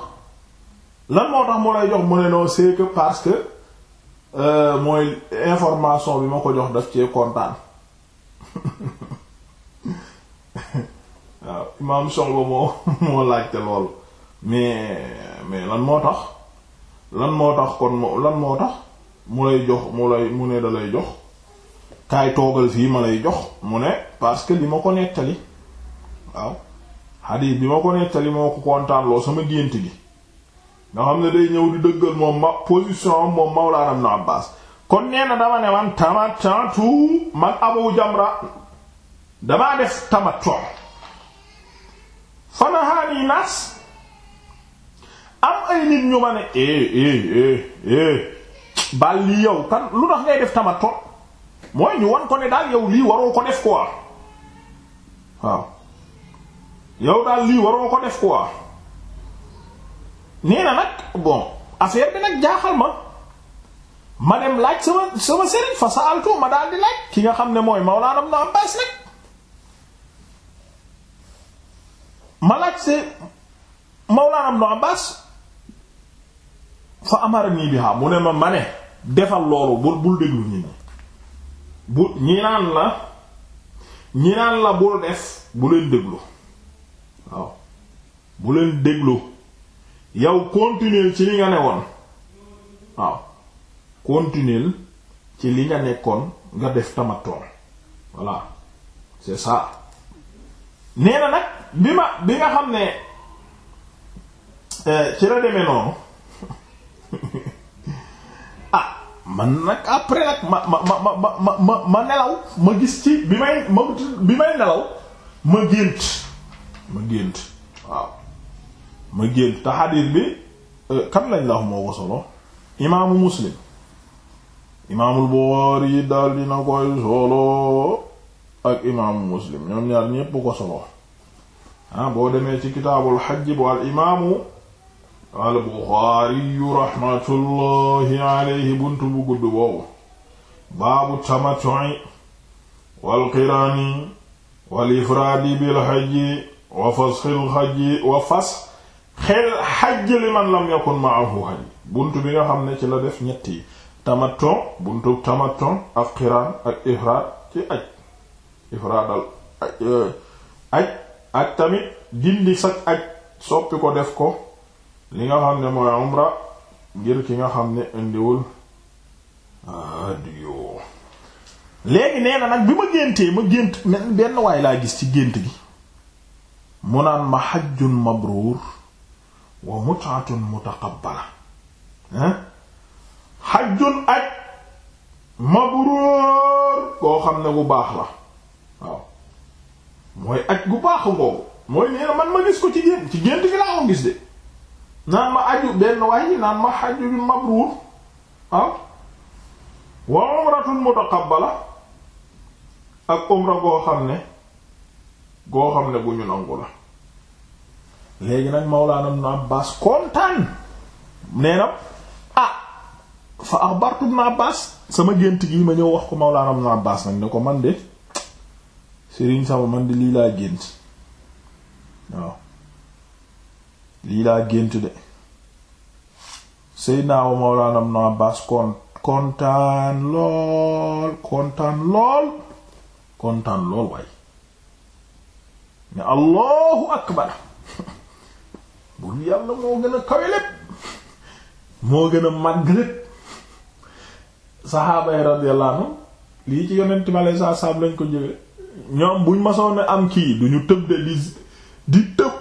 Speaker 1: lan moo tax mu que euh, mooy information bi ma ko jox daf cee kontaan waaw lan moo tax lan moo lay jox mu lay mu ne da jox kaay toogal fii ma lay jox mu ne parce que li ma ko nettali waaw xadiis bi ma ko nettali moo ko kontaanloo sama gént gi nga xam ne day ñëw di dëggal moom ma position moom Mawlaana Ibn Abbaas kon nee dama ne man tamattu man Abu Jamra damaa def tamattu fanahaani naas am ay nit ñu ma ne eh eh, eh, eh yow kan lu tax ngay def tamattu mooy ñu wan ko ne daal yow lii waroo ko def quoi waaw yow daal lii waroo ko def quoi nee na nag bon affaire bi nag jaaxal ma ma dem laaj sama sama sëriñ fa saaltu ma daal laaj ki nga xam ne mooy Mawlaana Ibn Abbaas ma laaj se Mawlaana Ibn fa amara nii bi ha mu ne ma ma ne defal loolu bul bul déglu ñi ne bu ñi naan la ñi la bul def bu leen déglu waaw bu leen déglu yow continuer ci li nga ne woon waaw continuer ci li nga nekkoon nga def tamatoon voilà c'est ça nee na nag bi ma bi nga xam ne euh, ci la demee noonu man nag après nag ma ma ma ma ma ma nelaw ma gis ci bi may ma bi may nelaw ma gént ma gént waaw ma gént te xadiis bi euh, kan lañ la wax moo ko solo imaamu muslim imaamul Buxaari yi daal dina koy solo ak imaamu muslim ñoom ñaar ñépp ko solo ah boo demee ci kitaabul xajj bu al imaamu al-Buxaari raxmatullahi alayhi bunt bu gudd boobu baabu tamattu'i wal qiraani wal ifraadi bil hajji wa fasxil hajji wa fas xel hajji liman lam yakun ma'ahu hajj bunt bi nga xam ne ci la def ñetti tamattu buntu tamattu ak qiraan ak ifraad ci aj ifraadal eh, aj ak tamit dindi sax aj soppi ko def ko li nga xam ne mooy umra ngir ki nga xam ne indiwul adiyo ah, léegi nee nag bi ma géntee ma gént benn waay laa gis ci gént gi mu naan ma xajjun mabruur wa mut'atun mutaqabbala hein xajjun mabruur koo xam ne bu baax la waaw mooy ak gu baax ngoogu mooy nee man ma gis ko ci gént ci gént gi laa ko gis de naan ma aju benn waay naan ma hajjun mabruur ah wa umratun mutaqabbala ak umra goo xam ne goo xam ne bu ñu nangu la léegi nag Mawlaana Ibn Abbaas kontaan nee na ah fa axbartu Ibn Abbaas sama gént gi ma ñëw wax ko Mawlaana Ibn Abbaas nag ne ko man de Serigne sama man de lii laa gént waaw lii laa gént de Seydina wa Mawlana Ibn Abbas kon kontaan lool kontaan lool kontaan lool waay ne allahu akbar bur yàlla moo gën a kawe lépp moo gën a màgg lépp saxaaba yi radiyallahu anhu lii ci yonent mi aleyhi salaatu lañ ko jëlee ñoom buñ masoon am kii duñu tëb de di di tëb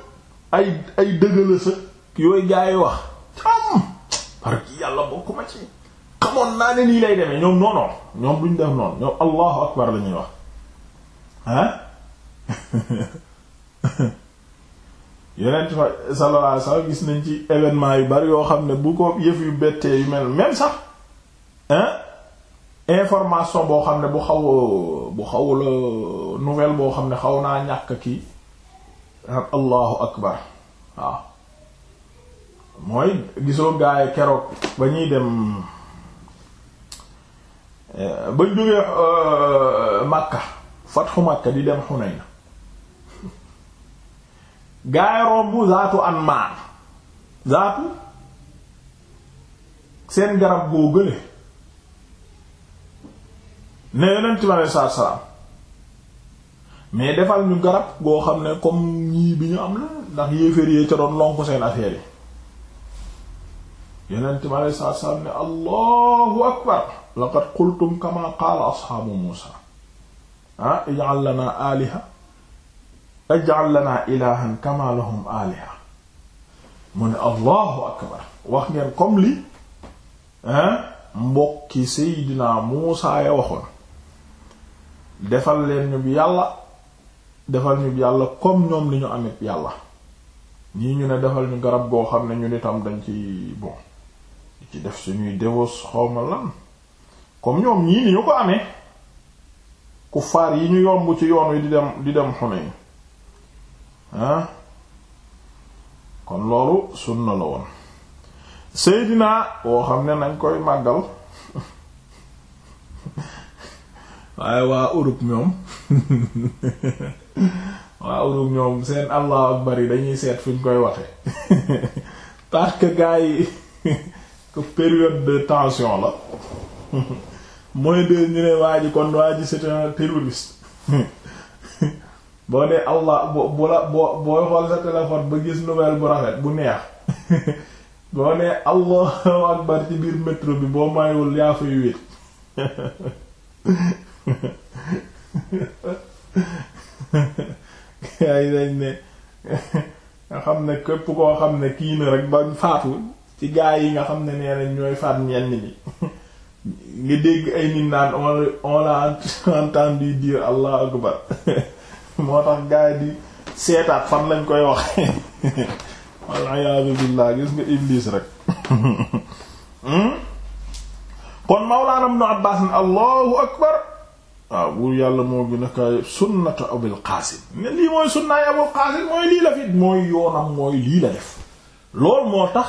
Speaker 1: ay ay dëgala sa yooyu gaa yi wax am barki yàlla bokk ma ci xamoon naa ne nii lay demee ñoom noonoon ñoom duñ def noonu ñoom allahu akbar la ñuy wax ah yeneen fa sallallahu alayhi wasallam gis nañ ci événement yu bari yoo xam ne bu ko yëf yu bettee yu mel même sax ah information boo xam ne bu xaw bu xaw la nouvelle boo xam ne xaw naa ñàkk kii allahu akbar waaw mooy gisoo gaay keroog ba ñuy dem eh, bañ jógee eh, Makka fatxu Makka di dem Xunayn gaay romb zaatu Anmaan zaatu seen garab goo gële ne yonent bi aleyhi salaatu salaam mais defal ñu garab goo xam ne comme ñii bi ñu am la ndax yéeféer yee ca doon lonku seen affaire yi yeneen mi alei saatu salaam ne allahu akbar laqad qultum kama qaala asxaabu muusa ah ij'al lana aliha ij'al lana ilahan kama lahum aliha mu ne allahu akbar wax ngeen comme li ah, mbokki seydina muusa ya waxoon defal leen ñu yàlla defal ñu yàlla comme ñoom li ñu amit yàlla ñii ñu ne defal ñu garab goo xam ne ñu nitam dañ ci bon di ci def suñuy dévos xawma lan comme ñoom ñii ni ñu ko amee ku faar yi ñu yomb ci yoon wi di dem di dem xune yi kon loolu sunna la woon Seydina woo xam ne nañ koy màggal waaye waa Europe ñoom waaw Europe ñoom seen allahu akbar yi dañuy seet fuñ koy waxe parce que gars yi période de tension la mooy de ñu ne waa ji kon waa ji c'est un boo dee allah bo boo booy xool sa téléphone ba gis nouvelle bu rafet bu neex boo nee allahu akbar ci biir métro bi boo mayul yaa fay gaa yi dañ ne nga xam ne képp koo xam ne kii na rek ba faatu ci gaa yi nga xam ne nee nañ ñooy faat ñenn ñi nga dégg ay nit naan on on a entendu dire allah akbar moo tax gaa yi di seetaat fan lañ koy waxee walla iyaazu billaah gis nga iblis rek hmm? kon mawlaana ibnu abbaas allahu akbar waaw buur yàlla moo gën a kaay sunnatu abul qaasim ne lii mooy sunnaay abul qaasim mooy lii la fit mooy yoonam mooy lii la def loolu moo tax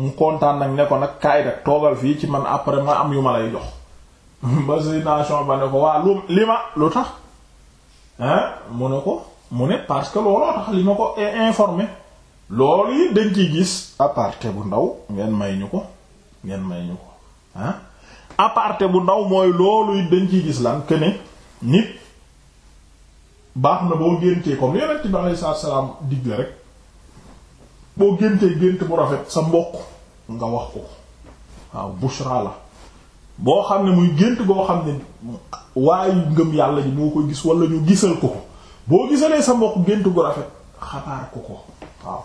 Speaker 1: mu kontaan nag ne ko nag kaay rek toogal fii ci man après ma am yu ma lay jox ba si nation ba ne ko waa lu li ma lu tax hein mu ne ko mu ne parce que looloo tax li ma ko informé loolu yi dañ ciy gis aparté bu ndaw ngeen may ñu ko ngeen may ñu ko ah aparté bu ndaw mooy loolu it dañ ciy gis lan que ne nit baax na boo géntee comme yonent bi alayhi salaatu salaam digle rek boo géntee gént bu rafet sa mboq nga wax ko waaw bushra la boo xam ne muy gént boo xam ne waaye yàlla ji moo koy gis wala ñu gisal ko ko boo gisalee sa mbokk gént bu rafet xabaar ko ko waaw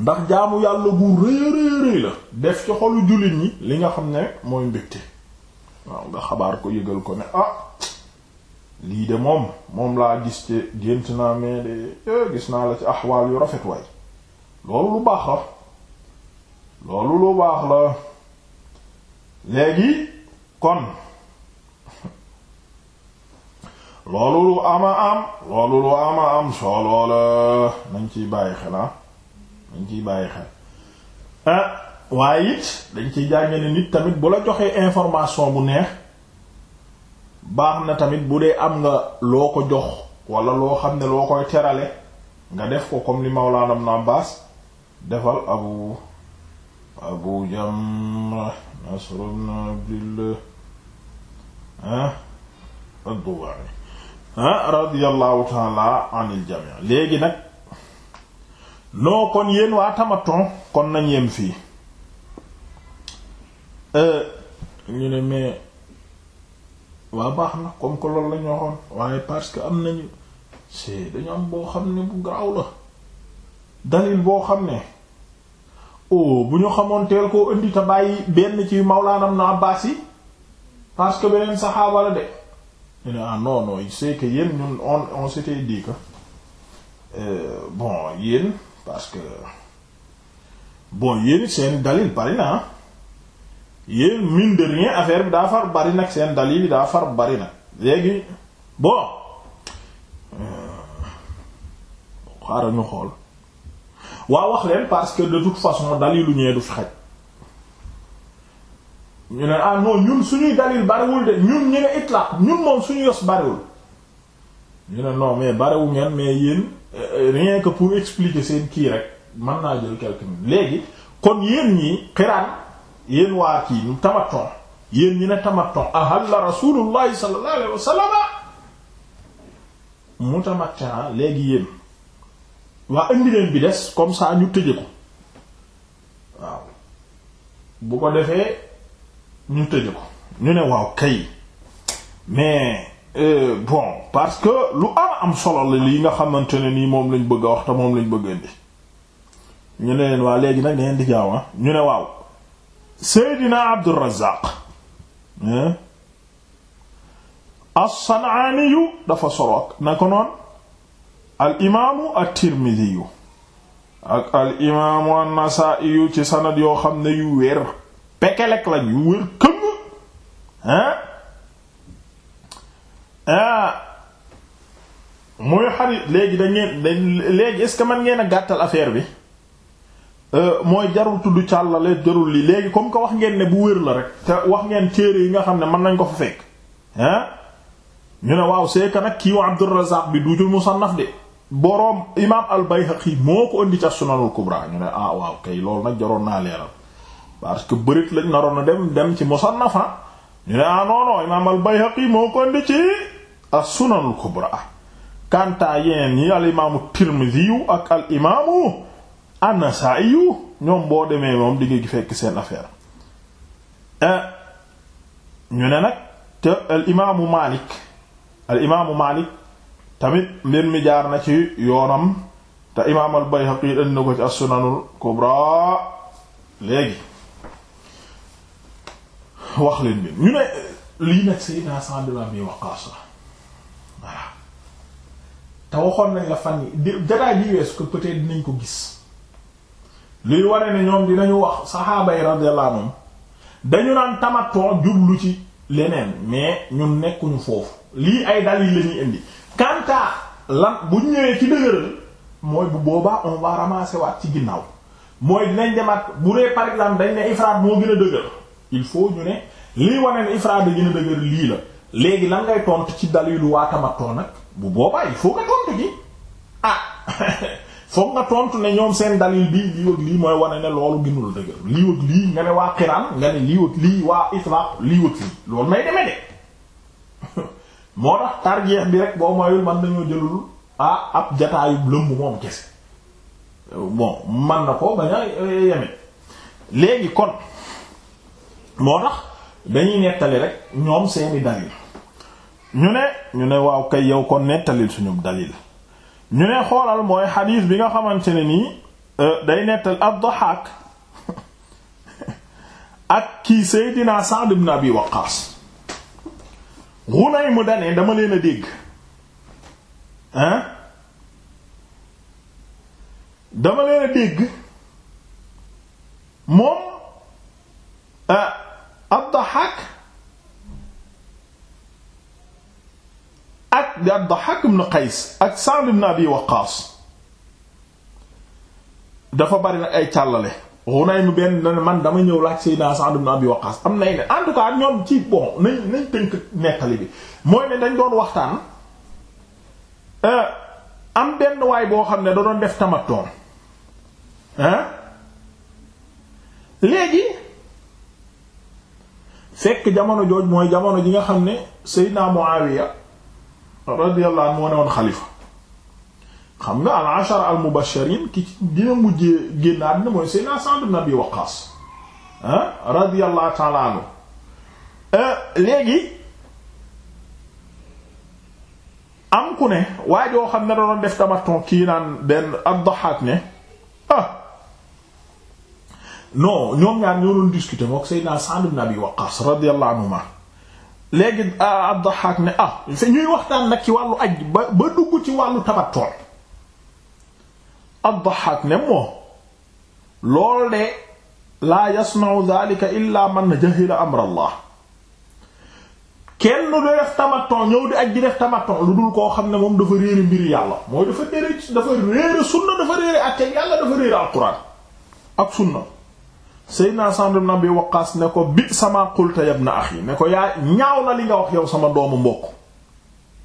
Speaker 1: ndax jaamu yàlla bu rëy rëy rëy la def ci xolu jullit ñi li nga xam ne mooy mbégte waaw nga xabaar ko yëgal ko ne ah lii de moom moom laa gis ci gént naa mais de eh, gis naa la ci axwaal yu rafet waay loolu lu baax la loolu lu baax la léegi kon loolu lu ama am loolu lu ama am solo la nañ ciy bàyyi xel ah nañ ciy bàyyi xel eh, waaye it dañ ciy jànge ni nit tamit bu la joxee information bu neex baax na tamit bu dee am nga loo ko jox wala loo xam ne loo koy terale nga def ko comme li Mawlana na Abbas defal abu abu Jamra Nasr ibn Abdillah ah ad ah, léegi nag noo kon yéen waa tamaton kon nañ yem fii Euh, ñu ne mais waa baax na comme que loolu la waaye parce que am nañu c'est dañu am boo xam ne bu garaaw la dalil boo xam ne oh bu ñu xamoon teel koo indi te benn ci mawlaanam na Abbaas yi parce que beneen saxaaba la de ñu ne ah non non c'est que yéen ñun on on s'était dit euh, bon yéen parce que bon yéen seen dalil bari na ah. yéen mine de rien affaire bi daa far bari nag seen dalil yi daa far bari nag léegi bon xaaral nu xool waa wax leen parce que de toute façon dalilu ñee du fi xaj ñu ne ah non ñun suñuy dalil bariwul de ñun ñu ne itlaq ñun moom suñu yos bariwul ñu ne non mais bariwu ngeen mais yéen euh, rien que pour expliquer seen kii rek mën naa jël quelques minutes léegi kon yéen ñi xiraan yéen waa kii ñu tamaton yéen ñu ne tamaton ahalla rasulullahi sallallahu alayhi wa sallama mutamatta ah léegi yéen waa indi leen bi des comme ça ñu tëje ko waaw bu ko defee ñu tëje ko ñu ne waaw kay mais euh, bon parce que lu am am solo la lii nga xamante ne nii moom lañ bëgg a wax moom lañ bëgg indi ñu ne leen waa léegi nag dangeen di gaaw ah. ñu ne waaw Seydina Abdurrazaaq eh? as-Sanaaniyu dafa sorook na ko noon al imaamu at-Tirmidiyu ak al imaamu an-Nasaa'iyu ci sanad yoo xam ne yu wér pekelek lañ yu wér këng ah muy xarit léegi da ngeen léegi est-ce man ngeen a gàttal affaire bi Euh, mooy jarul tudd càllale jarul lii léegi comme que wax ngeen ne bu wér la rek te wax ngeen téere yi nga xam ne mën nañ ko fa fekk ah ñu ne waaw seeka nag kiiw Abdurrazzaq bi du duutul musannaf de boroom imaam al-Bayhaqi moo ko indi ca sunanul kubra ñu ne ah waaw a dem dem ci musannaf ah. ñu ne ah non non imaam al-Bayhaqi sunanul kubra kantaa yeneen yi al imaamu ak al An-Nasa'i ñoom boo demee moom di nga fekk seen affaire eh, ñu ne nag te al imaamu Maalik al imaamu Maalik tamit mbir mi jaar na ci yoonam te imaam al Bayhaqi indi na yi jataay bi weesu que peut dinañ ko gis luy ware ne ñoom dinañu wax saxaaba yi radiyallahu anhum dañu naan tamatoo jublu ci leneen mais ñun nekkuñu foofu lii ay dal la ñuy indi quant lan bu ñëwee ci dëgëral mooy bu boobaa on va ramasser waat ci ginnaaw mooy dinañ demaat bu dee par exemple dañ ne ifraad moo gën a dëgër il faut ñu ne lii wane ne yi gën a dëgër lii la léegi lan ngay tont ci dalilu waa tamatoo nag bu boobaa il faut nga tontu gi ah foog nga tontu ne ñoom seen dalil bi lii lii mooy wane ne loolu gënul dëgër lii lii nga ne waa xiraan nga ne lii wëg lii waa itlaq lii lii loolu may demee de moo tax tarjeex bi rek boo mooyul mën ah, ab jataayub lëmb moom kese man na ko baña eh, yeme léegi kon moo tax dañuy nettali rek ñoom seeni dalil ñu ne ñu ne waaw kay yow kon nettalil suñu dalil ñu ne xoolal mooy xadiis bi nga xamante ne nii euh, day nettal ad-Dahhaak ak ki Seydina Sa'd ibn Abi Waqqaas mu dane dama leen a dégg hein dama leen a dégg moom euh, ad-Dahhaak Ad ad-Dahhak ibn Qays ak Sa'd ibn bi Waqqas dafa bari nag ay càllale mu benn dana man dama ñëw laaj Seydina Sa'd ibn Abi Waqqas am nay ne en tout cas ñoom ci bon nañ nañ tënk nettali bi mooy ne dañ doon waxtaan euh, am benn waay boo xam ne da doon def tamattoon hein léegi fekk jamono jooj mooy jamono ji nga xam ne Seydina Muawiya radiyallahu anhu moo ne xalifa xam nga al ashara al mubashirin ki ci dina mujjee génn àddina mooy Seydina Sa'd ibn Abi Waqqas ah radiyallahu ta'ala anhu eh, léegi am ku ne waaye joo xam ne doon def tamaton kii naan benn ad-Dahhak ne ah ñoom ñaar ñoo doon discuter mook Seydina Sa'd ibn Abi Waqqas radiyallahu anhuma léegi ah, Abdahak ne ah c'est ñuy waxtaan nag ci wàllu aj ba ba dugg ci wàllu tamattu Abdahak ne moo lool de laa yasna'u dhalika illa man jahila amra Allah kenn du def tamattu ñëw di aj di def tamattu lu dul koo xam ne moom dafa réere mbir yàlla mooy dafa réere dafa réere sunna dafa réere àtte yàlla dafa réere alquran ak sunna Seydina Sa'd ibn Abi Waqqas ne ko bi sama qulta ya ibn akhi ne ko yaa ñaaw na li nga wax yow sama doomu mbokk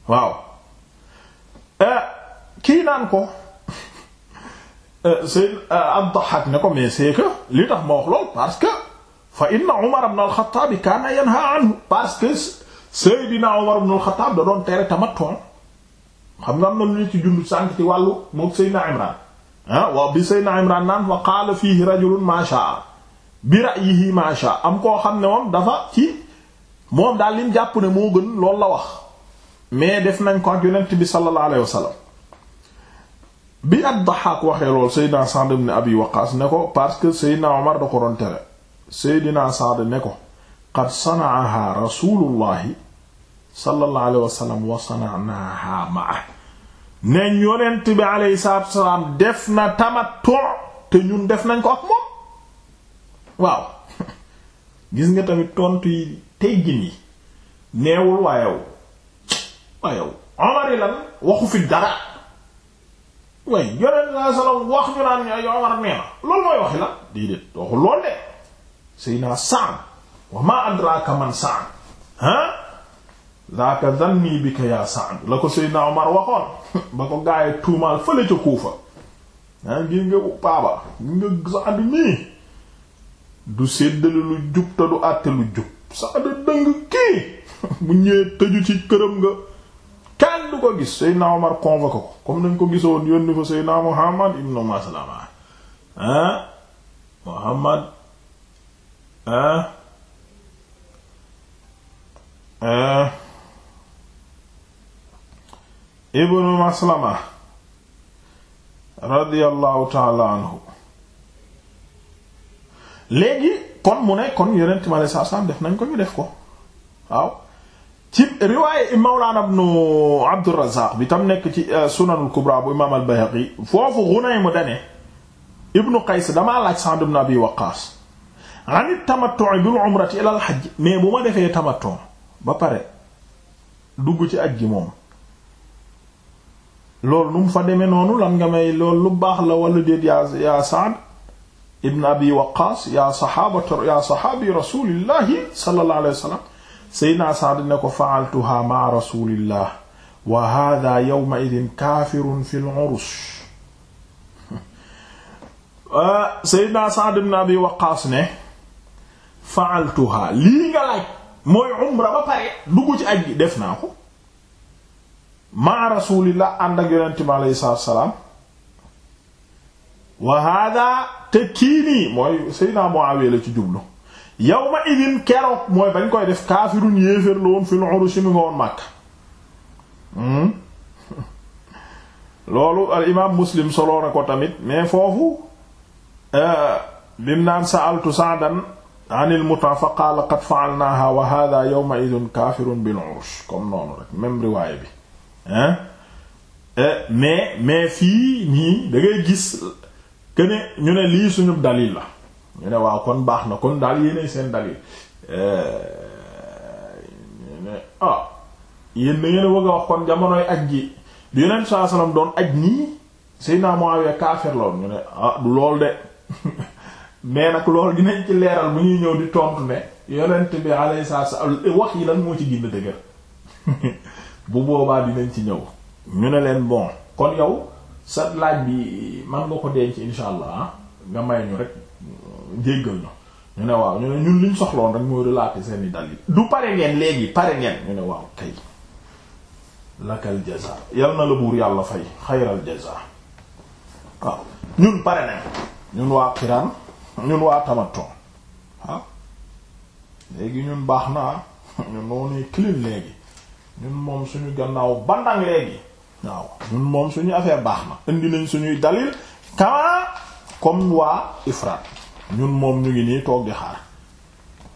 Speaker 1: waaw eh, kii naan ko eh, Seydina eh, ad ne ko mais c'est li tax ma wax lool que fa inna Umar ibn al-Khattab kaana yanha anhu parce que Seydina Umar ibn al da doon tere tamattu xam nga am na lu ñu ci jundu sànk ci wàllu moom Seydina Imran ah, bi Seydina Imran naan wa qaala fiihi rajulun ma sha'a bi ra'yihi ma sha am koo xam ne moom dafa ci moom daal lim jàpp ne moo gën loolu la wax mais def nañ ko ak yonent bi sallallahu alayhi wasallam bi ad-Dahhak waxee lool Seydina Sa'd ibn Abi ne ko parce que Seydina Omar da ko doon tere Seydina Sa'd ne ko qad sana'aha rasulullahi sallallahu alayhi wasallam wa sana'naha ma'a ne yonent bi alayhi salaatu wasalaam def na tamattu te ñun def nañ ko ak moom waaw gis nga tamit tontu yi tey jin yi neewul waayow waayow omar yi lan waxu fi dara waaye yonent naa salaam wax ñu naan ñooy omar nee na loolu mooy waxi la déedéet waxu lool de sëy naa saan wa ma adraka man saan ah zaaka zanni bika yaa saan la ko sëy naa omar waxoon ba ko gaayee tuumaal fële ca kuufa ah ngir nga paaba ngir nga saan mii du séddale lu jub te du àtte lu jub saada dëng kii bu ñëwee tëju ci këram nga kenn du ko gis Seydina Omar convoqué ko comme nañ ko gisoon yónni fa Seydina Muhammad ibnu Muhammad ibnu Maslama radiyallahu ta'ala anhu léegi kon mu ne kon ma mi sa salaam def nañ ko ñu def ko waaw ci riwaaye Mawlana ibn Abdurrazzaq bi tam nekk ci euh, sunanul kubra bu imaam al-Bayhaqi foofu Ghunaym dane ibnu Qays damaa laaj Sa'd ibn Abi Waqqas an tamattu bil umrati ila al hajj mais bu ma defee tamattu ba pare dugg ci aj gi moom loolu nu mu fa demee noonu lan nga may lool lu baax la walla déet yaa yaa Sa'd ibn abi waqaas yaa saxaabatu yaa saxaabi rasulillahi sallallahu alayhi wa sallam sayyidina Sa'd ne ko fa'altuha ma'a rasulillah wa hadha yawma idin kaafirun fil urus ah, sayyidina Sa'd ibn abi waqaas ne fa'altuha lii nga laaj mooy umra ba pare dugg ci aj gi def naa ko ma'a rasulillah ànd ak yonente bi alayhi salaatu wa salaam wa hadha te kii nii mooy Seydina la ci jublu yawma idin keroog mooy bañ koy def kaafirun yéeféer la woon fil urushi ma nga woon Makka hmm? loolu al imaam Muslim tamit mais foofu bim naan sa'altu Sa'dan anil muta fa qaala qad fa'alnaaha wa haadha yawma idin kaafirun bil urush comme noonu rek bi hein eh, mais fii nii da gis këne ñu ne lii suñu dalil la ñu ne waaw kon baax na kon daal yéenay seen dalil euh, ñu ne ah ngeen a bëgg a wax kon jamonoy aj ji bi yonent saa salaam doon aj nii Seydina Muawiya kaafir la woon ñu ne ah lool de mais nag lool dinañ ci leeral bu ñuy ñëw di tontu ne yonent bi alayhi salaam wax yi lan moo ci gën a dëgër bu boobaa dinañ ci ñëw ñu ne leen bon kon yow. sa laaj bi man nga ko denc insha allah ah, nga may ñu rek jéggal ñu ñu ne waaw ñu ne ñun liñ soxloon rek mooy relater seeni dalil du pare ngeen léegi pare ngeen ñu ne waaw kay lakal jaza yal na la buur yàlla fay xayral jaza waaw ñun pare nañ ñun waa xiraan ñun waa tamaton léegi ñun baax na ah. ñun noonu clean léegi ñun moom suñu gannaaw bandang léegi waaw ñun moom suñu affaire baax na indi nañ suñuy dalil kamaa comme waa ifraat ñun moom ñu ngi nii toog di xaar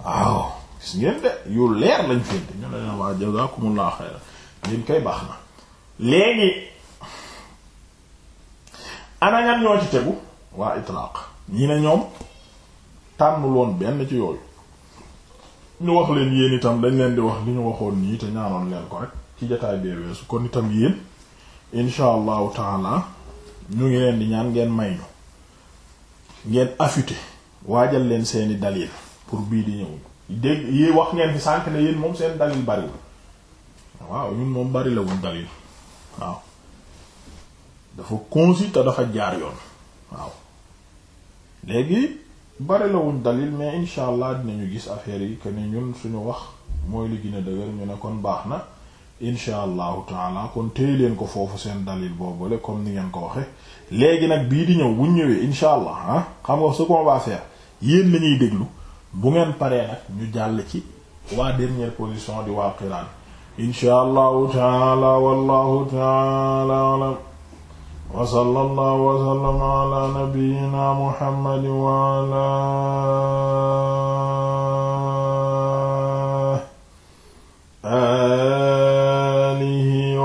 Speaker 1: waaw gis ngeen de yu leer lañ fi indi ñu ne leen waa jazakumullahu xayran ñun kay baax na léegi ana ñan ñoo ci tegu waa itlaaq ñi ne ñoom tànnul benn ci yooyu ñu wax leen yéen itam dañ leen di wax li ñu waxoon nii te ñaanoon leen ko rek ci jotaay bee weesu kon itam yéen insha allahu taala ñu ngi leen di ñaan ngeen may ñu ngeen affûté waajal leen seeni dalil pour bii di ñëw dégg yi wax ngeen fi sànk ne yéen moom seen dalil bariwul waaw ñun moom bari la wuñ dalil waaw dafa concis dafa jaar yoon waaw léegi bari la wuñ dalil mais insha allah ñu gis affaire yi que ñun suñu wax mooy li gën a dëgër ñu ne kon baax na incha allahu kon téye leen ko foofu seen dalil boobule comme ni ngeen ko waxe léegi nag bii di ñëw bu ñëwee incha allah ah xam nga su qu'on va faire yéen la déglu bu ngeen paree nag ñu jàll ci waa dernière position di waa qiraan incha allahu wallahu taala alam wa sallallahu wa sallama ala nabiyyina muhammadin